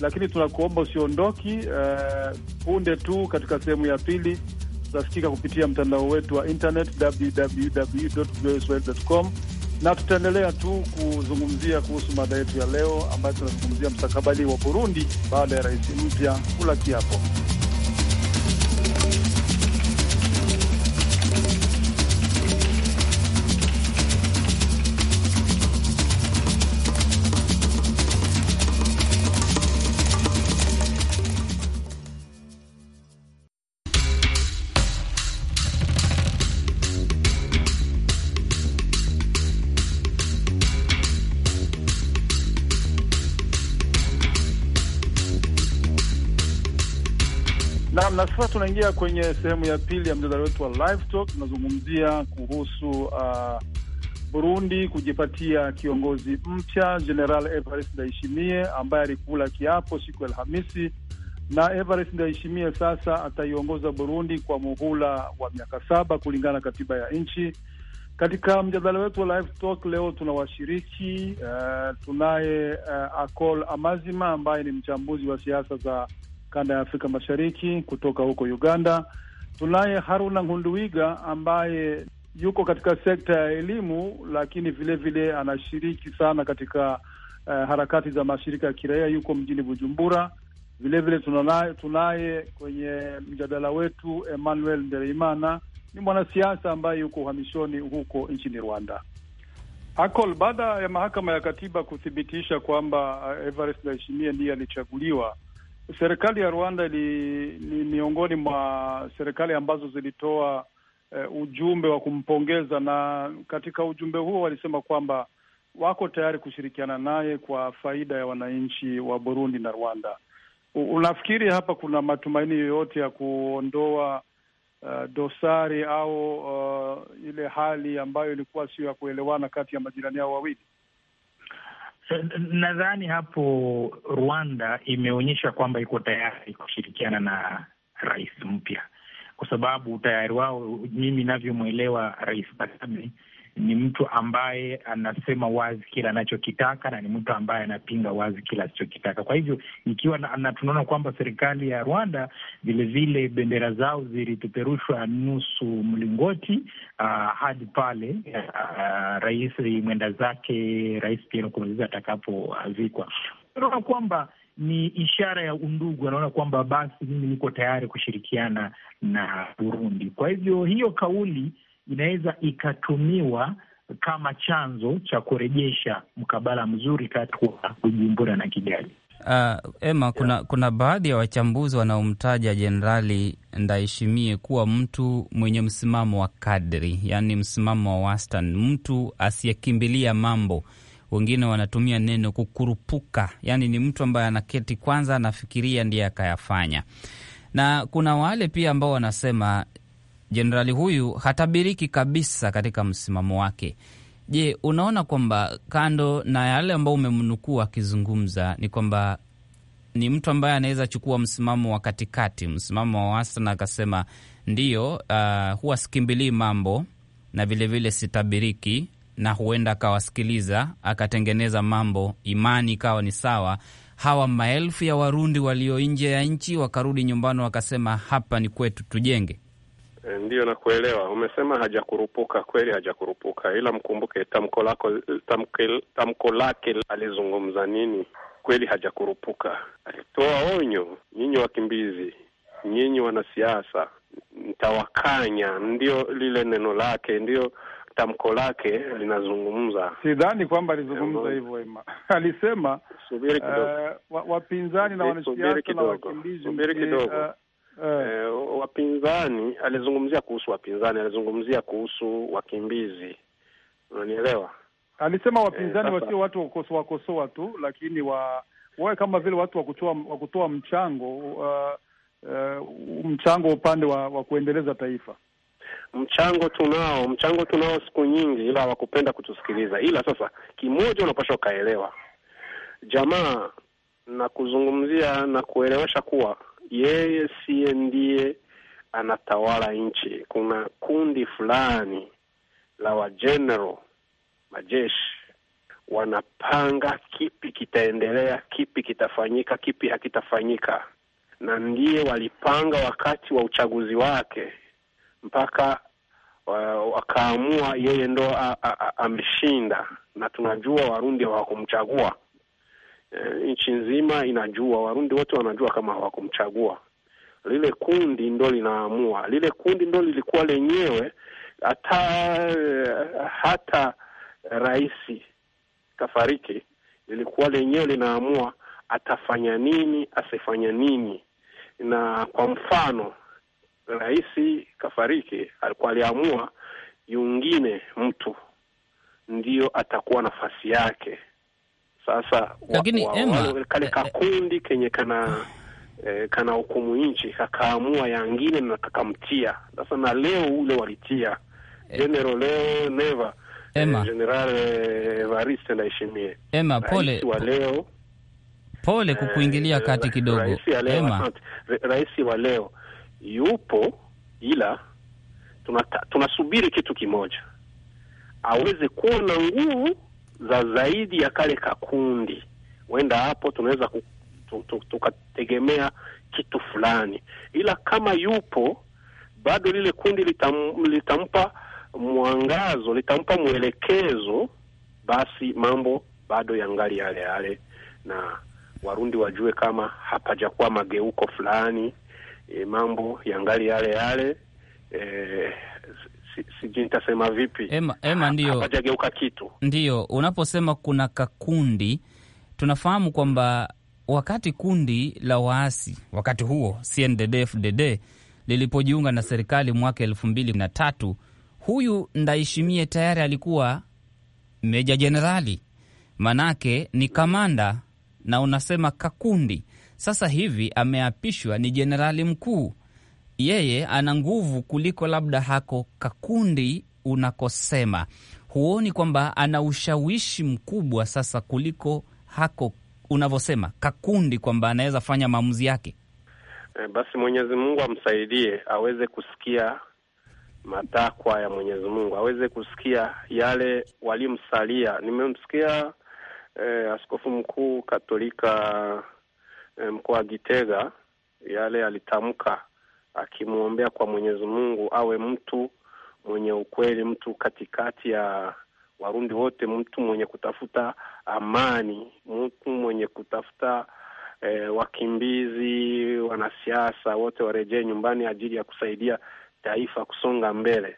lakini tunakuomba usiondoki. Uh, punde tu katika sehemu ya pili tutasikika kupitia mtandao wetu wa internet www.voaswahili.com na tutaendelea tu kuzungumzia kuhusu mada yetu ya leo ambayo tunazungumzia mstakabali wa Burundi baada ya rais mpya kula kiapo. Naam, na sasa tunaingia kwenye sehemu ya pili ya mjadala wetu wa live talk. Tunazungumzia kuhusu uh, Burundi kujipatia kiongozi mpya General Evariste Ndayishimiye ambaye alikula kiapo siku ya Alhamisi, na Evariste Ndayishimiye sasa ataiongoza Burundi kwa muhula wa miaka saba kulingana na katiba ya nchi. Katika mjadala wetu wa live talk leo tuna washiriki uh, tunaye uh, Akol Amazima ambaye ni mchambuzi wa siasa za kanda ya Afrika Mashariki kutoka huko Uganda. Tunaye Haruna Ngunduwiga ambaye yuko katika sekta ya elimu, lakini vilevile vile anashiriki sana katika uh, harakati za mashirika ya kiraia, yuko mjini Bujumbura. Vilevile tunaye kwenye mjadala wetu Emmanuel Ndereimana, ni mwanasiasa ambaye yuko uhamishoni huko nchini Rwanda. Akol, baada ya mahakama ya katiba kuthibitisha kwamba eh, Evariste Ndayishimiye ndiye alichaguliwa serikali ya Rwanda ni miongoni mwa serikali ambazo zilitoa eh, ujumbe wa kumpongeza, na katika ujumbe huo walisema kwamba wako tayari kushirikiana naye kwa faida ya wananchi wa Burundi na Rwanda. Unafikiri hapa kuna matumaini yoyote ya kuondoa uh, dosari au uh, ile hali ambayo ilikuwa sio ya kuelewana kati ya majirani yao wawili? Nadhani hapo Rwanda imeonyesha kwamba iko tayari kushirikiana na rais mpya, kwa sababu utayari wao, mimi inavyomwelewa Rais Kagame ni mtu ambaye anasema wazi kile anachokitaka na ni mtu ambaye anapinga wazi kile asichokitaka. Kwa hivyo ikiwa na, na tunaona kwamba serikali ya Rwanda vilevile bendera zao zilipeperushwa nusu mlingoti uh, hadi pale uh, rais mwenda zake Rais Pierre Nkurunziza atakapozikwa. Tunaona kwamba ni ishara ya undugu, anaona kwamba basi mimi niko tayari kushirikiana na Burundi. Kwa hivyo hiyo kauli inaweza ikatumiwa kama chanzo cha kurejesha mkabala mzuri kati wa Bujumbura na Kigali. Uh, Emma, kuna kuna baadhi ya wachambuzi wanaomtaja Jenerali Ndaheshimie kuwa mtu mwenye msimamo wa kadri, yaani msimamo wa wastan mtu asiyekimbilia mambo. Wengine wanatumia neno kukurupuka, yaani ni mtu ambaye anaketi kwanza, anafikiria ndiye akayafanya na kuna wale pia ambao wanasema jenerali huyu hatabiriki kabisa katika msimamo wake. Je, unaona kwamba kando na yale ambayo umemnukuu akizungumza ni kwamba ni mtu ambaye anaweza chukua msimamo wa katikati, msimamo wa wastani, akasema ndiyo, uh, huwa sikimbilii mambo na vilevile vile sitabiriki, na huenda akawasikiliza akatengeneza mambo, imani ikawa ni sawa hawa maelfu ya Warundi walio nje ya nchi wakarudi nyumbani, wakasema hapa ni kwetu, tujenge. Eh, Ndiyo, nakuelewa. Umesema hajakurupuka, kweli hajakurupuka, ila mkumbuke tamko lako, tamko lake alizungumza nini? Kweli hajakurupuka, alitoa onyo, nyinyi wakimbizi, nyinyi wanasiasa, ntawakanya. Ndio lile neno lake, ndio tamko lake linazungumza. Sidhani kwamba alizungumza eh, hivyo Ema. Alisema subiri kidogo, uh, wapinzani na wanasiasa na wakimbizi, subiri kidogo. Uh, uh, wapinzani, alizungumzia kuhusu wapinzani, alizungumzia kuhusu wakimbizi, unanielewa? Alisema eh, wapinzani e, wasio watu wakosoa wakosoa tu, lakini wa wawe kama vile watu wa kutoa mchango uh, uh, mchango upande wa, wa kuendeleza taifa. Mchango tunao, mchango tunao siku nyingi, ila hawakupenda kutusikiliza. Ila sasa kimoja unapaswa ukaelewa jamaa na kuzungumzia na kuelewesha kuwa yeye siye ndiye anatawala nchi. Kuna kundi fulani la wageneral majeshi wanapanga kipi kitaendelea, kipi kitafanyika, kipi hakitafanyika, na ndiye walipanga wakati wa uchaguzi wake mpaka wakaamua yeye ndo ameshinda, na tunajua Warundi hawakumchagua. E, nchi nzima inajua, Warundi wote wanajua kama hawakumchagua lile kundi ndo linaamua, lile kundi ndo lilikuwa lenyewe hata hata rais kafariki, lilikuwa lenyewe linaamua atafanya nini asifanya nini. Na kwa mfano rais kafariki, alikuwa aliamua yungine mtu ndiyo atakuwa nafasi yake. Sasa lakini kale eh, eh, kakundi kenye kana e, kana hukumu nchi kakaamua yangine na kakamtia sasa, na leo ule walitia eh. general leo eh, neva Ema. General Evariste Ndayishimiye Ema, pole wa leo pole kukuingilia kati kidogo. Rais wa leo yupo, ila tunata, tunasubiri kitu kimoja, aweze kuwa na nguvu za zaidi ya kale kakundi. Huenda hapo tunaweza tukategemea kitu fulani, ila kama yupo bado lile kundi litam, litampa mwangazo litampa mwelekezo, basi mambo bado yangali yale yale, na Warundi wajue kama hapajakuwa mageuko fulani e, mambo yangali yale yale e, sijui nitasema vipi ema, ema, ndio hapajageuka kitu. Ndiyo unaposema kuna kakundi, tunafahamu kwamba wakati kundi la waasi wakati huo CNDD-FDD lilipojiunga na serikali mwaka elfu mbili na tatu, huyu Ndaishimie tayari alikuwa meja jenerali, manake ni kamanda, na unasema kakundi. Sasa hivi ameapishwa ni jenerali mkuu, yeye ana nguvu kuliko labda hako kakundi unakosema. Huoni kwamba ana ushawishi mkubwa sasa kuliko hako unavyosema kakundi kwamba anaweza fanya maamuzi yake. E, basi Mwenyezi Mungu amsaidie aweze kusikia matakwa ya Mwenyezi Mungu, aweze kusikia yale walimsalia. Nimemsikia e, askofu mkuu Katolika e, mkoa wa Gitega, yale alitamka akimwombea kwa Mwenyezi Mungu awe mtu mwenye ukweli, mtu katikati ya Warundi wote, mtu mwenye kutafuta amani, mtu mwenye kutafuta eh, wakimbizi, wanasiasa wote warejee nyumbani ajili ya kusaidia taifa kusonga mbele.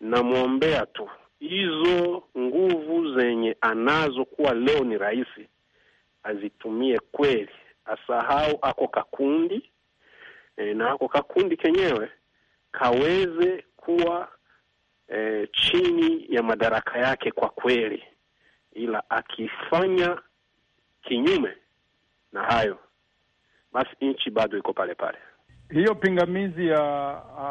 Namwombea tu hizo nguvu zenye anazo kuwa leo ni rais, azitumie kweli, asahau ako kakundi e, na ako kakundi kenyewe kaweze kuwa e, chini ya madaraka yake kwa kweli, ila akifanya kinyume na hayo, basi nchi bado iko pale pale. Hiyo pingamizi ya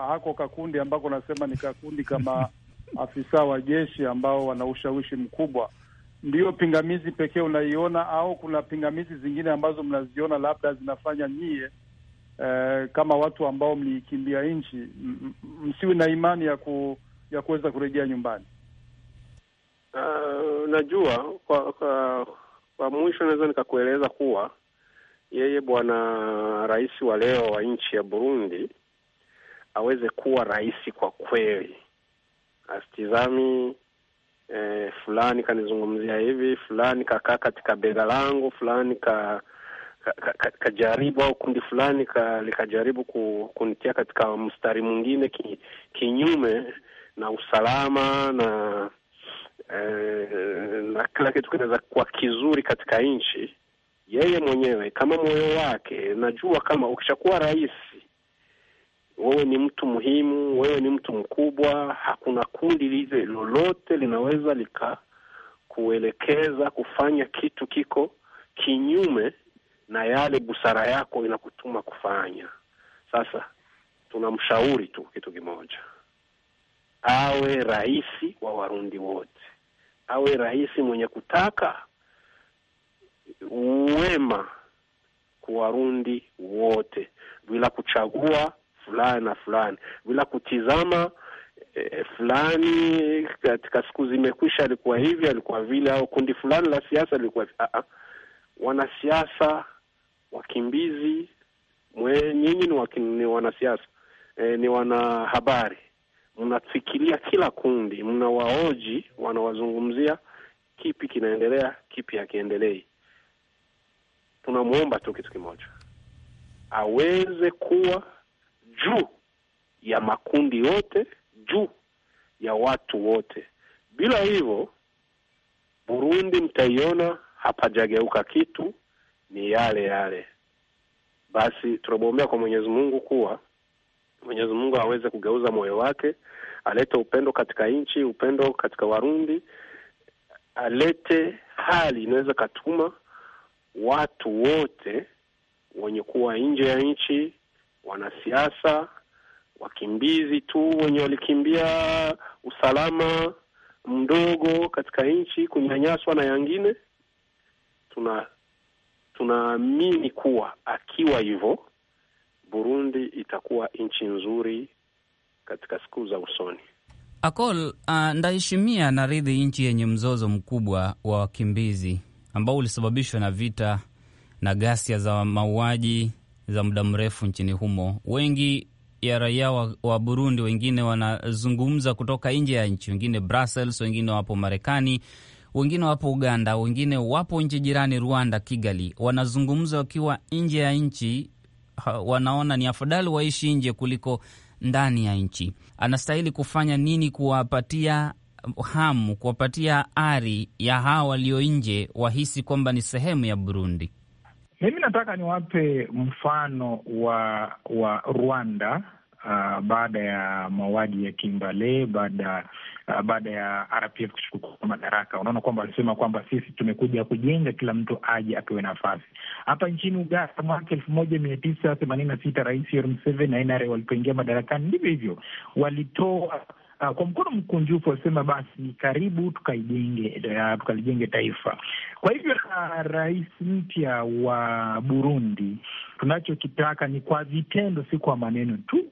hako kakundi ambako nasema ni kakundi kama afisa wa jeshi ambao wana ushawishi mkubwa, ndiyo pingamizi pekee unaiona au kuna pingamizi zingine ambazo mnaziona labda zinafanya nyie eh, kama watu ambao mliikimbia nchi msiwe na imani ya ku ya kuweza kurejea nyumbani? Uh, najua kwa, kwa, kwa mwisho naweza nikakueleza kuwa yeye bwana rais wa leo wa nchi ya Burundi aweze kuwa rais kwa kweli, asitizami eh, fulani kanizungumzia hivi, fulani kakaa katika bega langu, fulani ka kajaribu ka, ka au kundi fulani ka, likajaribu ku, kunitia katika mstari mwingine ki, kinyume na usalama na eh, na kila kitu kinaweza kuwa kizuri katika nchi, yeye mwenyewe kama moyo wake, najua kama ukishakuwa rais wewe ni mtu muhimu, wewe ni mtu mkubwa, hakuna kundi lile lolote linaweza lika kuelekeza kufanya kitu kiko kinyume na yale busara yako inakutuma kufanya. Sasa tunamshauri tu kitu kimoja awe rais wa Warundi wote, awe rais mwenye kutaka wema kwa Warundi wote bila kuchagua fulani na fulani, bila kutizama e, fulani katika siku zimekwisha alikuwa hivi alikuwa vile, au kundi fulani la siasa lilikuwa ah, ah. wanasiasa wakimbizi. Nyinyi ni, ni wanasiasa e, ni wanahabari mnafikiria kila kundi, mnawaoji, wanawazungumzia kipi kinaendelea, kipi hakiendelei. Tunamwomba tu kitu kimoja, aweze kuwa juu ya makundi yote, juu ya watu wote. Bila hivyo, Burundi mtaiona hapajageuka kitu, ni yale yale. Basi tunamwombea kwa Mwenyezi Mungu kuwa Mwenyezi Mungu aweze kugeuza moyo wake, alete upendo katika nchi, upendo katika Warundi, alete hali inaweza katuma watu wote wenye kuwa nje ya nchi, wanasiasa, wakimbizi tu wenye walikimbia usalama mdogo katika nchi, kunyanyaswa na yangine. Tuna tunaamini kuwa akiwa hivyo Burundi itakuwa nchi nzuri katika siku za usoni. Akol uh, Ndayishimiye anaridhi nchi yenye mzozo mkubwa wa wakimbizi ambao ulisababishwa na vita na ghasia za mauaji za muda mrefu nchini humo. Wengi ya raia wa, wa Burundi, wengine wanazungumza kutoka nje ya nchi, wengine Brussels, wengine wapo Marekani, wengine wapo Uganda, wengine wapo nchi jirani Rwanda, Kigali, wanazungumza wakiwa nje ya nchi wanaona ni afadhali waishi nje kuliko ndani ya nchi. Anastahili kufanya nini kuwapatia hamu, kuwapatia ari ya hawa walio nje wahisi kwamba ni sehemu ya Burundi? Mimi nataka niwape mfano wa wa Rwanda uh, baada ya mauaji ya Kimbale, baada uh, baada ya RPF kuchukua madaraka. Unaona kwamba walisema kwamba sisi tumekuja kujenga, kila mtu aje apewe nafasi hapa nchini Uganda. Mwaka elfu moja mia tisa themanini na sita Rais Yoweri Museveni na NRA walipoingia madarakani, ndivyo hivyo walitoa Uh, kwa mkono mkunjufu walisema basi ni karibu tukaijenge, uh, tukalijenge taifa. Kwa hivyo uh, rais mpya wa Burundi tunachokitaka ni kwa vitendo, si kwa maneno tu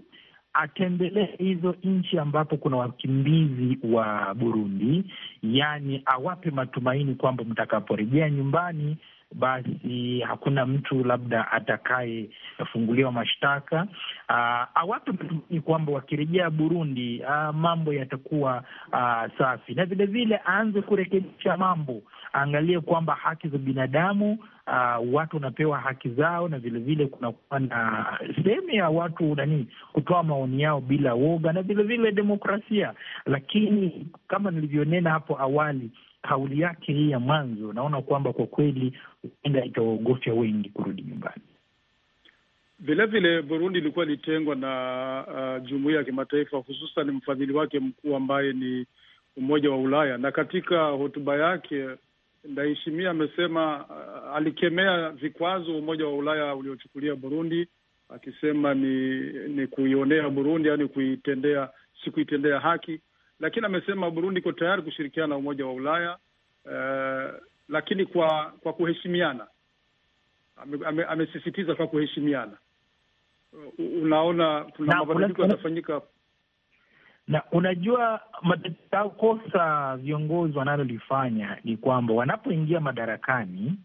atembelee hizo nchi ambapo kuna wakimbizi wa Burundi, yaani awape matumaini kwamba mtakaporejea nyumbani basi hakuna mtu labda atakayefunguliwa mashtaka. Ah, awape matumaini kwamba wakirejea Burundi uh, mambo yatakuwa uh, safi, na vilevile aanze kurekebisha mambo, aangalie kwamba haki za binadamu uh, watu wanapewa haki zao, na vilevile kunakuwa na sehemu ya watu nani kutoa maoni yao bila woga, na vilevile demokrasia. Lakini kama nilivyonena hapo awali, kauli yake hii ya mwanzo, naona kwamba kwa kweli huenda itawaogofya wengi kurudi nyumbani. Vilevile Burundi ilikuwa ilitengwa na uh, jumuiya ya kimataifa, hususan mfadhili wake mkuu ambaye ni Umoja wa Ulaya, na katika hotuba yake Ndayishimiye amesema uh, alikemea vikwazo Umoja wa Ulaya uliochukulia Burundi akisema ni ni kuionea Burundi, yani kuitendea, si kuitendea haki, lakini amesema Burundi iko tayari kushirikiana na Umoja wa Ulaya uh, lakini kwa kwa kuheshimiana. Amesisitiza ame, ame kwa kuheshimiana. Unaona kuna mabadiliko yatafanyika na unajua kosa viongozi wanalolifanya ni kwamba wanapoingia madarakani,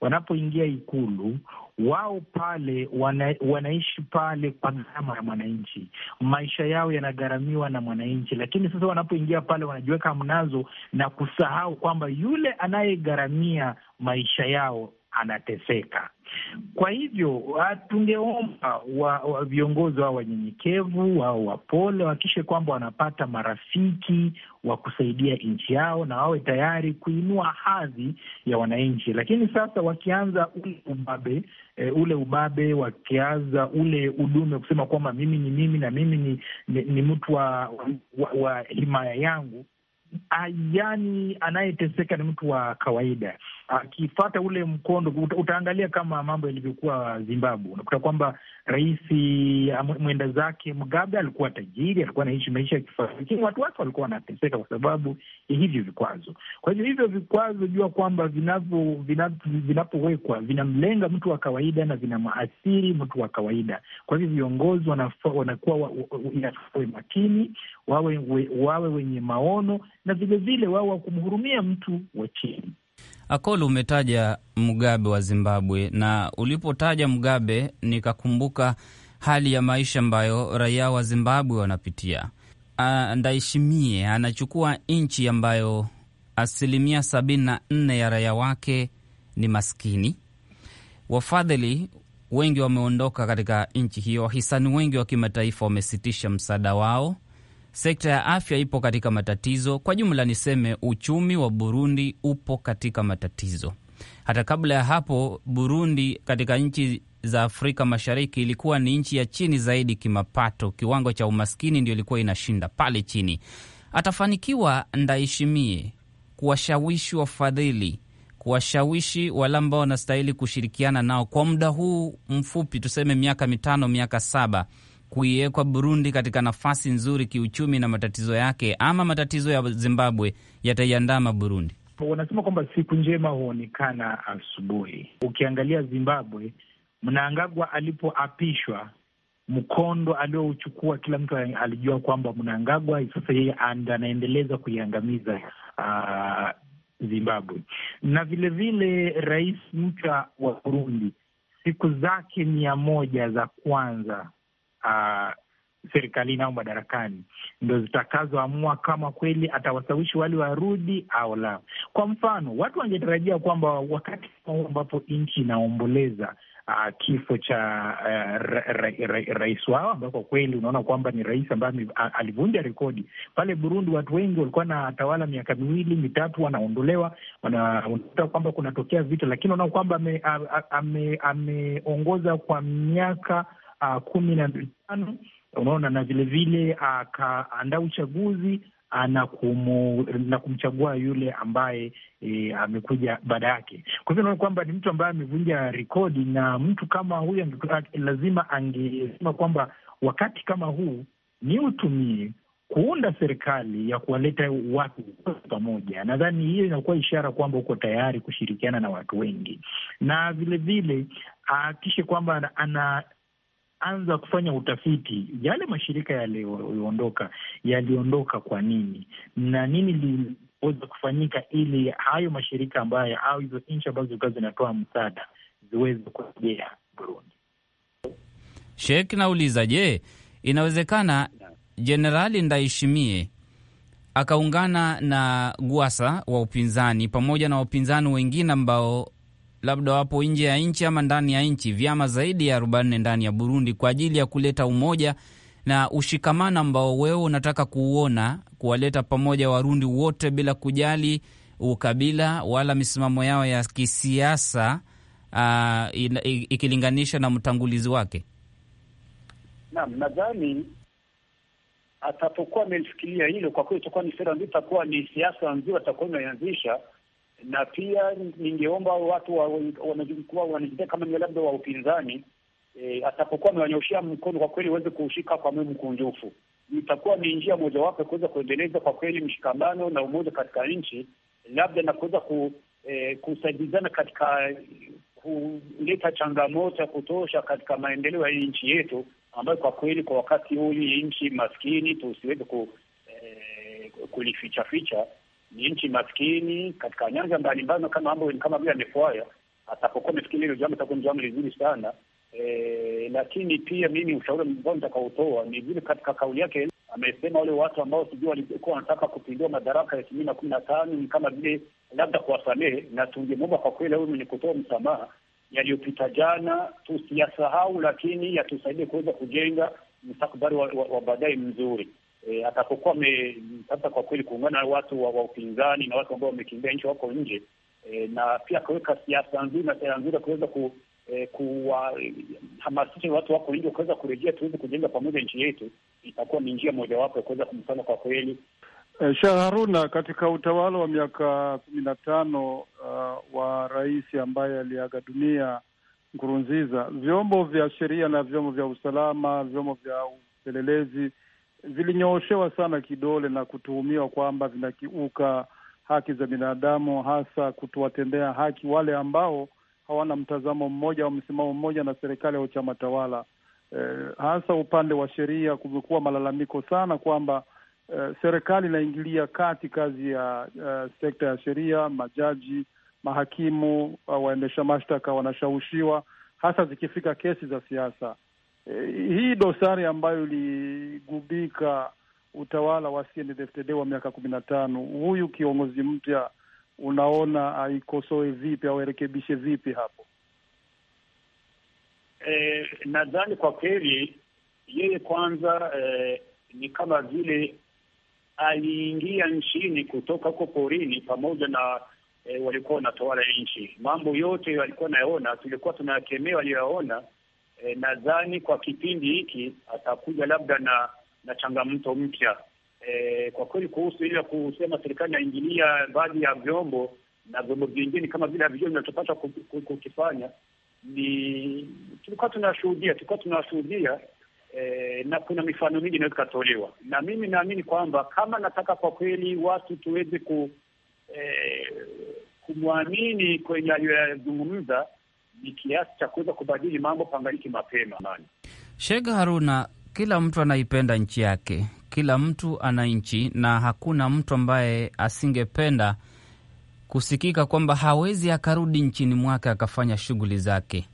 wanapoingia Ikulu, wao pale wana, wanaishi pale kwa gharama ya mwananchi. Maisha yao yanagharamiwa na mwananchi, lakini sasa wanapoingia pale wanajiweka mnazo na kusahau kwamba yule anayegharamia maisha yao anateseka. Kwa hivyo ah, tungeomba wa, wa viongozi wao wanyenyekevu wao wapole wahakikishe kwamba wanapata marafiki wa kusaidia nchi yao na wawe tayari kuinua hadhi ya wananchi. Lakini sasa wakianza ule ubabe e, ule ubabe wakianza ule udume kusema kwamba mimi ni mimi na mimi ni, ni, ni mtu wa, wa, wa himaya yangu, yaani anayeteseka ni mtu wa kawaida akifata ule mkondo, utaangalia kama mambo yalivyokuwa Zimbabwe, unakuta kwamba rais eh, mwenda zake Mgabe alikuwa tajiri, alikuwa anaishi maisha ya kifahari, lakini watu wake walikuwa wanateseka kwa sababu ya hivyo vikwazo. Kwa hivyo hivyo vikwazo, jua kwamba vinapowekwa vinamlenga mtu wa kawaida na vinamwathiri mtu wa kawaida. Kwa hivyo viongozi wanakuwa wawe makini, wawe wenye maono na vilevile wawe wa kumhurumia mtu wa chini. Akolo, umetaja Mugabe wa Zimbabwe, na ulipotaja Mugabe nikakumbuka hali ya maisha ambayo raia wa Zimbabwe wanapitia. ndaishimie anachukua nchi ambayo asilimia sabini na nne ya raia wake ni maskini. Wafadhili wengi wameondoka katika nchi hiyo, wahisani wengi wa kimataifa wamesitisha msaada wao sekta ya afya ipo katika matatizo. Kwa jumla, niseme uchumi wa Burundi upo katika matatizo. Hata kabla ya hapo, Burundi katika nchi za Afrika Mashariki ilikuwa ni nchi ya chini zaidi kimapato. Kiwango cha umaskini ndio ilikuwa inashinda pale chini. Atafanikiwa Ndaishimie kuwashawishi wafadhili, kuwashawishi wale ambao wanastahili kushirikiana nao kwa muda huu mfupi, tuseme miaka mitano, miaka saba kuiwekwa Burundi katika nafasi nzuri kiuchumi na matatizo yake, ama matatizo ya Zimbabwe yataiandama Burundi? Wanasema kwamba siku njema huonekana asubuhi. Ukiangalia Zimbabwe, Mnangagwa alipoapishwa, mkondo aliouchukua kila mtu alijua kwamba Mnangagwa sasa yeye anaendeleza kuiangamiza uh, Zimbabwe na vilevile rais mpya wa Burundi siku zake mia moja za kwanza uh, serikalini au madarakani ndo zitakazoamua kama kweli atawasawishi wale warudi au la. Kwa mfano, watu wangetarajia kwamba wakati ambapo nchi inaomboleza Uh, kifo cha uh, ra, ra, ra, rais wao ambao kwa kweli unaona kwamba ni rais ambaye alivunja rekodi pale Burundi. Watu wengi walikuwa na tawala miaka miwili mitatu, wanaondolewa, wanakuta kwamba kunatokea vita, lakini unaona kwamba ameongoza ame, ame kwa miaka uh, kumi na mitano unaona, na vilevile akaandaa uh, uchaguzi na, kumu, na kumchagua yule ambaye e, amekuja baada yake. Kwa hivyo naona kwamba ni mtu ambaye amevunja rekodi, na mtu kama huyu lazima angesema kwamba wakati kama huu ni utumie kuunda serikali ya kuwaleta watu pamoja. Nadhani hiyo inakuwa ishara kwamba uko tayari kushirikiana na watu wengi, na vilevile ahakikishe kwamba ana anza kufanya utafiti, yale mashirika yaliyoondoka yaliondoka kwa nini na nini liweza kufanyika, ili hayo mashirika ambayo au hizo nchi ambazo zilikuwa zinatoa msaada ziweze kurejea Burundi. Sheikh, nauliza je, inawezekana Jenerali Ndaishimie akaungana na Gwasa wa upinzani pamoja na wapinzani wengine ambao labda wapo nje ya nchi ama ndani ya nchi, vyama zaidi ya 40 ndani ya Burundi kwa ajili ya kuleta umoja na ushikamano ambao wewe unataka kuuona, kuwaleta pamoja Warundi wote bila kujali ukabila wala misimamo yao ya kisiasa uh, ikilinganisha na mtangulizi wake. Naam, nadhani atapokuwa amelifikiria hilo, kwa kweli itakuwa ni sera ndio, itakuwa ni siasa nzuri atakuwa imeanzisha na pia ningeomba watu wanakuwa wanajitetea kama ni labda wa upinzani e, atapokuwa amewanyoshea mkono kwa kweli waweze kuushika kwa moyo mkunjufu. Itakuwa ni njia mojawapo ya kuweza kuendeleza kwa kweli mshikamano na umoja katika nchi, labda na kuweza ku, e, eh, kusaidizana katika kuleta changamoto ya kutosha katika maendeleo ya nchi yetu, ambayo kwa kweli kwa wakati huu ni nchi maskini, tusiweze ku, e, kulifichaficha ni nchi maskini katika nyanja mbalimbali kama mambo kama vile amekwaya, atapokuwa amefikiria hilo jambo itakuwa ni jambo lizuri sana e, lakini pia mimi ushauri ambao nitakaotoa ni vile katika kauli yake amesema wale watu ambao sijui walikuwa wanataka kupindua madaraka ya elfu mbili na kumi na tano ni kama vile labda kuwasamehe, na tungemwomba kwa kweli huyu mwenye kutoa msamaha, yaliyopita jana tusiyasahau, lakini yatusaidie kuweza kujenga mstakabali wa, wa, wa baadaye mzuri e, atakapokuwa sasa kwa kweli kuungana na watu wa, wa upinzani na watu ambao wamekimbia nchi wako nje e, na pia akaweka siasa nzuri na sera nzuri kuweza ku, e, kuwahamasisha e, watu wako nje wakaweza kurejea, tuweze kujenga pamoja nchi yetu, itakuwa ni njia mojawapo ya kuweza kumfanya kwa kweli e, Shah Haruna katika utawala wa miaka kumi na tano uh, wa rais ambaye aliaga dunia Nkurunziza, vyombo vya sheria na vyombo vya usalama, vyombo vya upelelezi zilinyooshewa sana kidole na kutuhumiwa kwamba vinakiuka haki za binadamu, hasa kutuwatendea haki wale ambao hawana mtazamo mmoja au msimamo mmoja na serikali au chama tawala. Eh, hasa upande wa sheria kumekuwa malalamiko sana kwamba eh, serikali inaingilia kati kazi ya eh, sekta ya sheria, majaji, mahakimu, waendesha mashtaka wanashawishiwa, hasa zikifika kesi za siasa. Eh, hii dosari ambayo iligubika utawala wa CNDD-FDD wa miaka kumi na tano, huyu kiongozi mpya unaona aikosoe vipi au arekebishe vipi hapo? E, nadhani kwa kweli yeye kwanza, e, ni kama vile aliingia nchini kutoka huko porini pamoja na e, walikuwa wanatawala nchi. Mambo yote walikuwa anayaona tulikuwa tunayakemea aliyoyaona, e, nadhani kwa kipindi hiki atakuja labda na na changamoto mpya e, kwa kweli kuhusu ile kusema serikali inaingilia baadhi ya vyombo na vyombo vingine kama vile havijua vinachopata kukifanya ni tulikuwa tunashuhudia tulikuwa tunashuhudia e, na kuna mifano mingi inaweza ikatolewa, na mimi naamini kwamba kama nataka kwa kweli watu tuweze ku- e, kumwamini kwenye aliyoyazungumza ni kiasi cha kuweza kubadili mambo, pangaliki mapema amani. Haruna, kila mtu anaipenda nchi yake, kila mtu ana nchi, na hakuna mtu ambaye asingependa kusikika kwamba hawezi akarudi nchini mwake akafanya shughuli zake.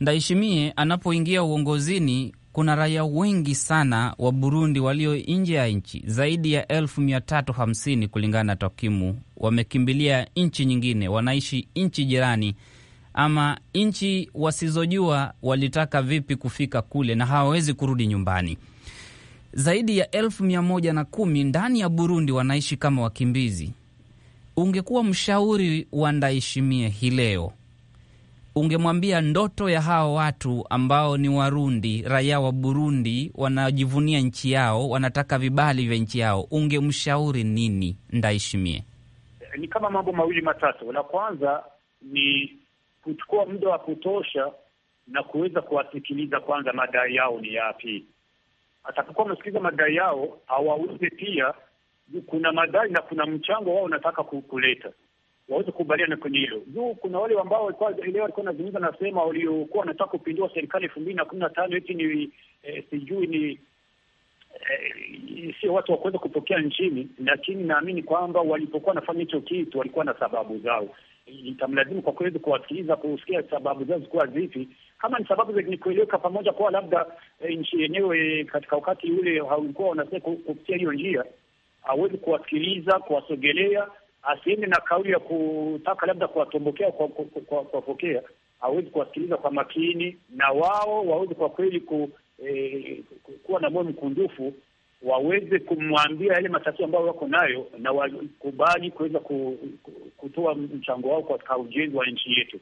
ndaishimie anapoingia uongozini, kuna raia wengi sana wa Burundi walio nje ya nchi, zaidi ya elfu mia tatu hamsini kulingana na takwimu, wamekimbilia nchi nyingine, wanaishi nchi jirani ama nchi wasizojua walitaka vipi kufika kule na hawawezi kurudi nyumbani. Zaidi ya elfu mia moja na kumi ndani ya Burundi wanaishi kama wakimbizi. Ungekuwa mshauri wa Ndaishimie hii leo, ungemwambia ndoto ya hawa watu ambao ni Warundi, raia wa Burundi, wanajivunia nchi yao, wanataka vibali vya nchi yao, ungemshauri nini Ndaishimie? Ni kama mambo mawili matatu. La kwanza ni kuchukua muda wa kutosha na kuweza kuwasikiliza kwanza, madai yao ni yapi. Atakapokuwa amesikiliza madai yao, awauze pia, kuna madai na kuna mchango wao unataka kuleta, waweze kukubaliana kwenye hilo. Juu kuna wale ambao walikuwa leo walikuwa wanazungumza nasema waliokuwa wanataka kupindua serikali elfu mbili na kumi na tano eti ni eh, sijui ni eh, sio watu wa kuweza kupokea nchini, lakini naamini kwamba walipokuwa wanafanya hicho kitu walikuwa na sababu zao itamlazimu kwa kweli kuwasikiliza, kusikia sababu zao zikuwa zipi, kama ni sababu zenye kueleweka, pamoja kuwa labda e, nchi yenyewe katika wakati ule haukuwa wanasema kupitia hiyo njia, awezi kuwasikiliza, kuwasogelea, asiende na kauli ya kutaka labda kuwatombokea, kuwapokea, awezi kuwasikiliza kwa makini, na wao waweze kwa kweli ku, e, kuwa na moyo mkunjufu waweze kumwambia yale matatizo ambayo wako nayo na wakubali kuweza kutoa mchango wao katika ujenzi wa nchi yetu.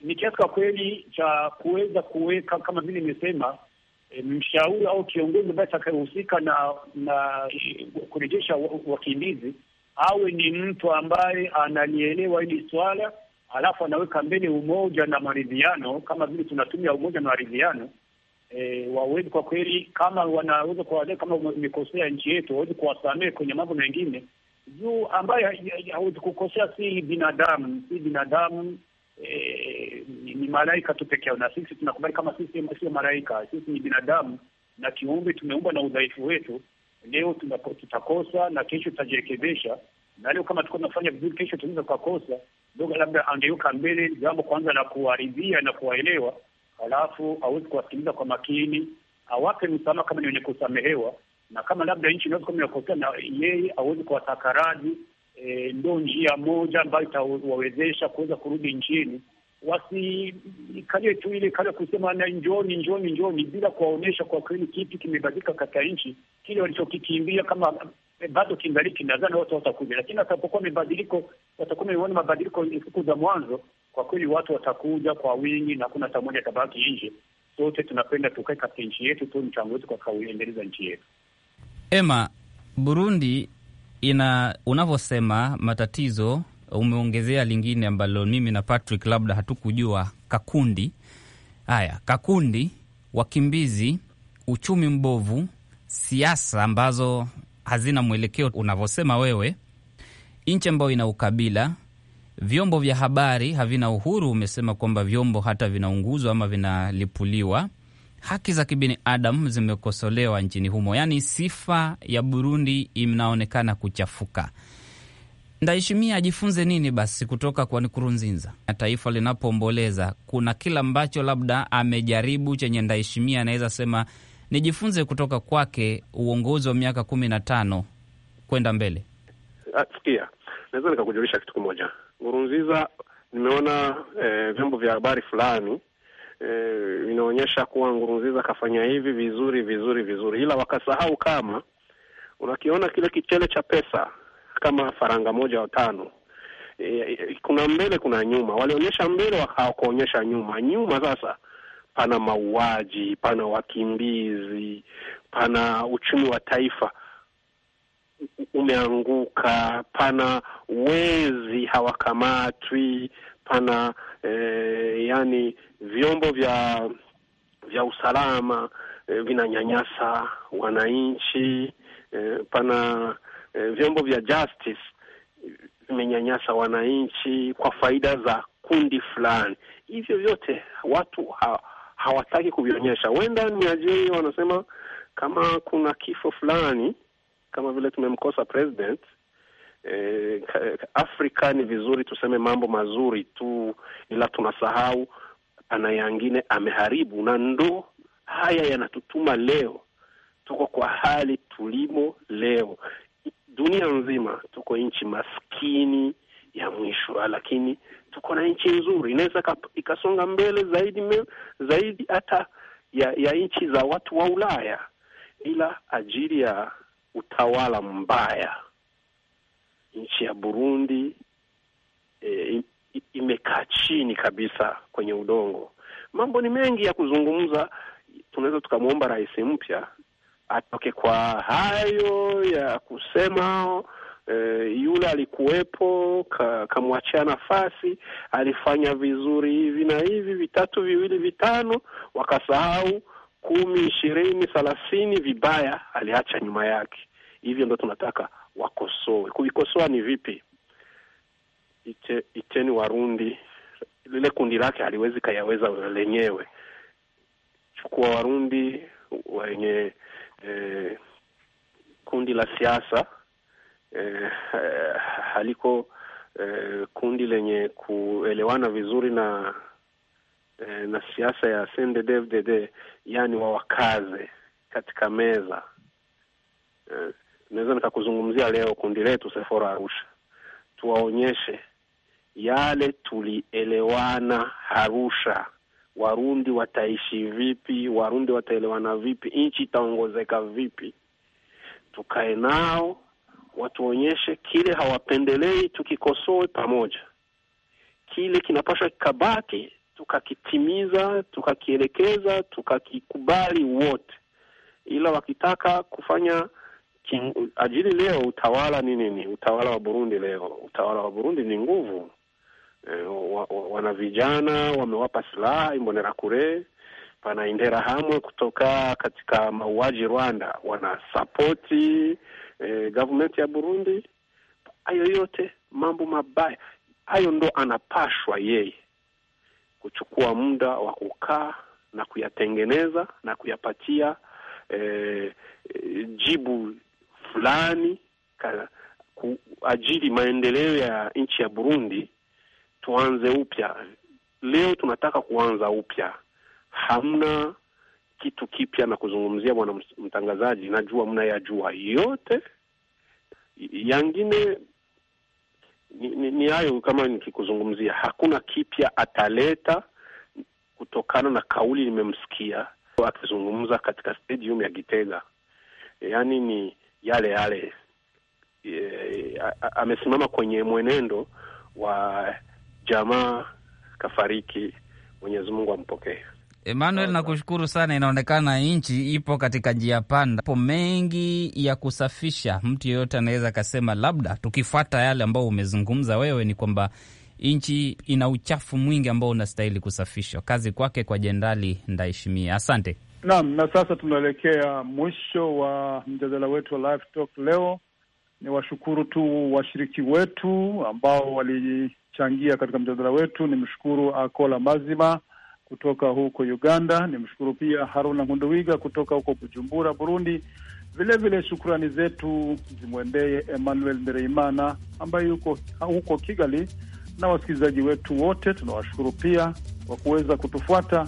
Ni kiasi kwa kweli cha kuweza kuweka kama vile nimesema, e, mshauri au kiongozi ambaye atakayehusika na na kurejesha wakimbizi awe ni mtu ambaye analielewa hili swala, alafu anaweka mbele umoja na maridhiano, kama vile tunatumia umoja na maridhiano eh, wawezi kwa kweli, kama wanaweza kuwaelea kama umekosea nchi yetu, wawezi kuwasamehe kwenye mambo mengine juu ambayo hawezi kukosea, si binadamu, si binadamu eh, ni, malaika tu peke yao, na sisi tunakubali kama sisi sio malaika, sisi ni binadamu na kiumbe, tumeumbwa na udhaifu wetu. Leo tutakosa na kesho tutajirekebisha, na leo kama tuko tunafanya vizuri, kesho tunaweza tukakosa dogo, labda angeuka mbele, jambo kwanza la kuwaridhia na kuwaelewa halafu awezi kuwasikiliza kwa makini, awape msamaha kama ni wenye kusamehewa, na kama labda nchi inaweza kama inakosea, na yeye aweze kuwatakaradhi. E, ndo njia moja ambayo itawawezesha kuweza kurudi nchini. Wasikalie tu ile kale kusema na njoni njoni njoni, bila kuwaonyesha kwa kweli kipi kimebadilika katika nchi kile walichokikimbia, kama bado kingaliki, nadhani watu watakuja, lakini atakapokuwa mabadiliko, watakuwa wameona mabadiliko siku za mwanzo, kwa kweli watu watakuja kwa wingi na hakuna hata mmoja atabaki nje. Sote tunapenda tukae katika nchi yetu, tuwe mchango wetu katika kuendeleza nchi yetu. Ema, Burundi ina unavyosema matatizo, umeongezea lingine ambalo mimi na Patrick labda hatukujua, Kakundi. Haya, Kakundi, wakimbizi, uchumi mbovu, siasa ambazo hazina mwelekeo unavyosema wewe, nchi ambayo ina ukabila, vyombo vya habari havina uhuru. Umesema kwamba vyombo hata vinaunguzwa ama vinalipuliwa. Haki za kibinadamu zimekosolewa nchini humo, yaani sifa ya Burundi inaonekana kuchafuka. Ndaheshimia ajifunze nini basi kutoka kwa Nkurunziza? taifa linapoomboleza, kuna kila ambacho labda amejaribu chenye Ndaheshimia anaweza sema nijifunze kutoka kwake uongozi wa miaka kumi na tano kwenda mbele? Ah, sikia, naweza nikakujulisha kitu kimoja. ngurunziza nimeona eh, vyombo vya habari fulani eh, vinaonyesha kuwa ngurunziza kafanya hivi vizuri vizuri vizuri, ila wakasahau kama unakiona kile kichele cha pesa kama faranga moja wa tano eh, eh, kuna mbele kuna nyuma, walionyesha mbele wakaonyesha nyuma. Nyuma sasa pana mauaji, pana wakimbizi, pana uchumi wa taifa umeanguka, pana wezi hawakamatwi, pana eh, yani vyombo vya vya usalama eh, vinanyanyasa wananchi eh, pana eh, vyombo vya justice vimenyanyasa wananchi kwa faida za kundi fulani. Hivyo vyote watu hawa hawataki kuvionyesha. Huenda ni ajiri, wanasema kama kuna kifo fulani kama vile tumemkosa president eh, Afrika ni vizuri tuseme mambo mazuri tu, ila tunasahau pana yangine ameharibu, na ndo haya yanatutuma leo tuko kwa hali tulimo leo. Dunia nzima tuko nchi maskini ya mwisho, ah, lakini tuko na nchi nzuri, inaweza ikasonga mbele zaidi me, zaidi hata ya, ya nchi za watu wa Ulaya, ila ajili ya utawala mbaya nchi ya Burundi e, imekaa chini kabisa kwenye udongo. Mambo ni mengi ya kuzungumza, tunaweza tukamwomba rais mpya atoke kwa hayo ya kusema Uh, yule alikuwepo, kamwachia ka nafasi, alifanya vizuri hivi na hivi, vitatu viwili vitano, wakasahau kumi ishirini thelathini vibaya aliacha nyuma yake. Hivyo ndo tunataka wakosoe. Kuvikosoa ni vipi? Ite, iteni Warundi, lile kundi lake haliwezi kayaweza lenyewe. Chukua Warundi wenye eh, kundi la siasa eh, haliko eh, kundi lenye kuelewana vizuri na eh, na siasa ya CNDD-FDD, yaani wawakaze katika meza eh, naweza nikakuzungumzia leo kundi letu Sefora Arusha, tuwaonyeshe yale tulielewana Arusha. Warundi wataishi vipi? Warundi wataelewana vipi? Nchi itaongozeka vipi? Tukae nao watuonyeshe kile hawapendelei tukikosoe pamoja, kile kinapaswa kikabaki tukakitimiza, tukakielekeza, tukakikubali wote, ila wakitaka kufanya King, ajili leo utawala ni nini? Utawala wa Burundi leo, utawala wa Burundi ni nguvu e, wa, wa, wana vijana wamewapa silaha imbonera kure pana Interahamwe kutoka katika mauaji Rwanda, wana sapoti eh, gavumenti ya Burundi. Hayo yote mambo mabaya hayo, ndo anapashwa yeye kuchukua muda wa kukaa na kuyatengeneza na kuyapatia eh, jibu fulani ka, maendeleo ya nchi ya Burundi. Tuanze upya leo, tunataka kuanza upya, hamna kitu kipya na kuzungumzia. Bwana mtangazaji, najua mnayajua yote Yangine ni hayo, kama nikikuzungumzia, hakuna kipya ataleta kutokana na kauli nimemsikia akizungumza katika stadium ya Gitega, yaani ni yale yale. E, amesimama kwenye mwenendo wa jamaa kafariki, Mwenyezi Mungu ampokee. Emmanuel, nakushukuru sana. Inaonekana nchi ipo katika njia panda, po mengi ya kusafisha. Mtu yeyote anaweza akasema, labda tukifuata yale ambayo umezungumza wewe, ni kwamba nchi ina uchafu mwingi ambao unastahili kusafishwa. Kazi kwake kwa Jenerali Ndaheshimia, asante. Naam, na sasa tunaelekea mwisho wa mjadala wetu wa Live Talk leo. Ni washukuru tu washiriki wetu ambao walichangia katika mjadala wetu. Ni mshukuru Akola Mazima kutoka huko Uganda. Nimshukuru pia Haruna Nkunduwiga kutoka huko Bujumbura, Burundi. Vilevile shukrani zetu zimwendee Emmanuel Ndereimana ambaye yuko huko Kigali, na wasikilizaji wetu wote tunawashukuru pia kwa kuweza kutufuata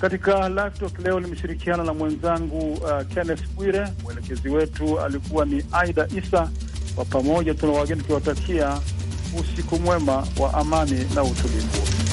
katika Live Talk. Leo nimeshirikiana na mwenzangu uh, Kenneth Bwire, mwelekezi wetu alikuwa ni Aida Isa. Kwa pamoja tuna wageni tukiwatakia usiku mwema wa amani na utulivu.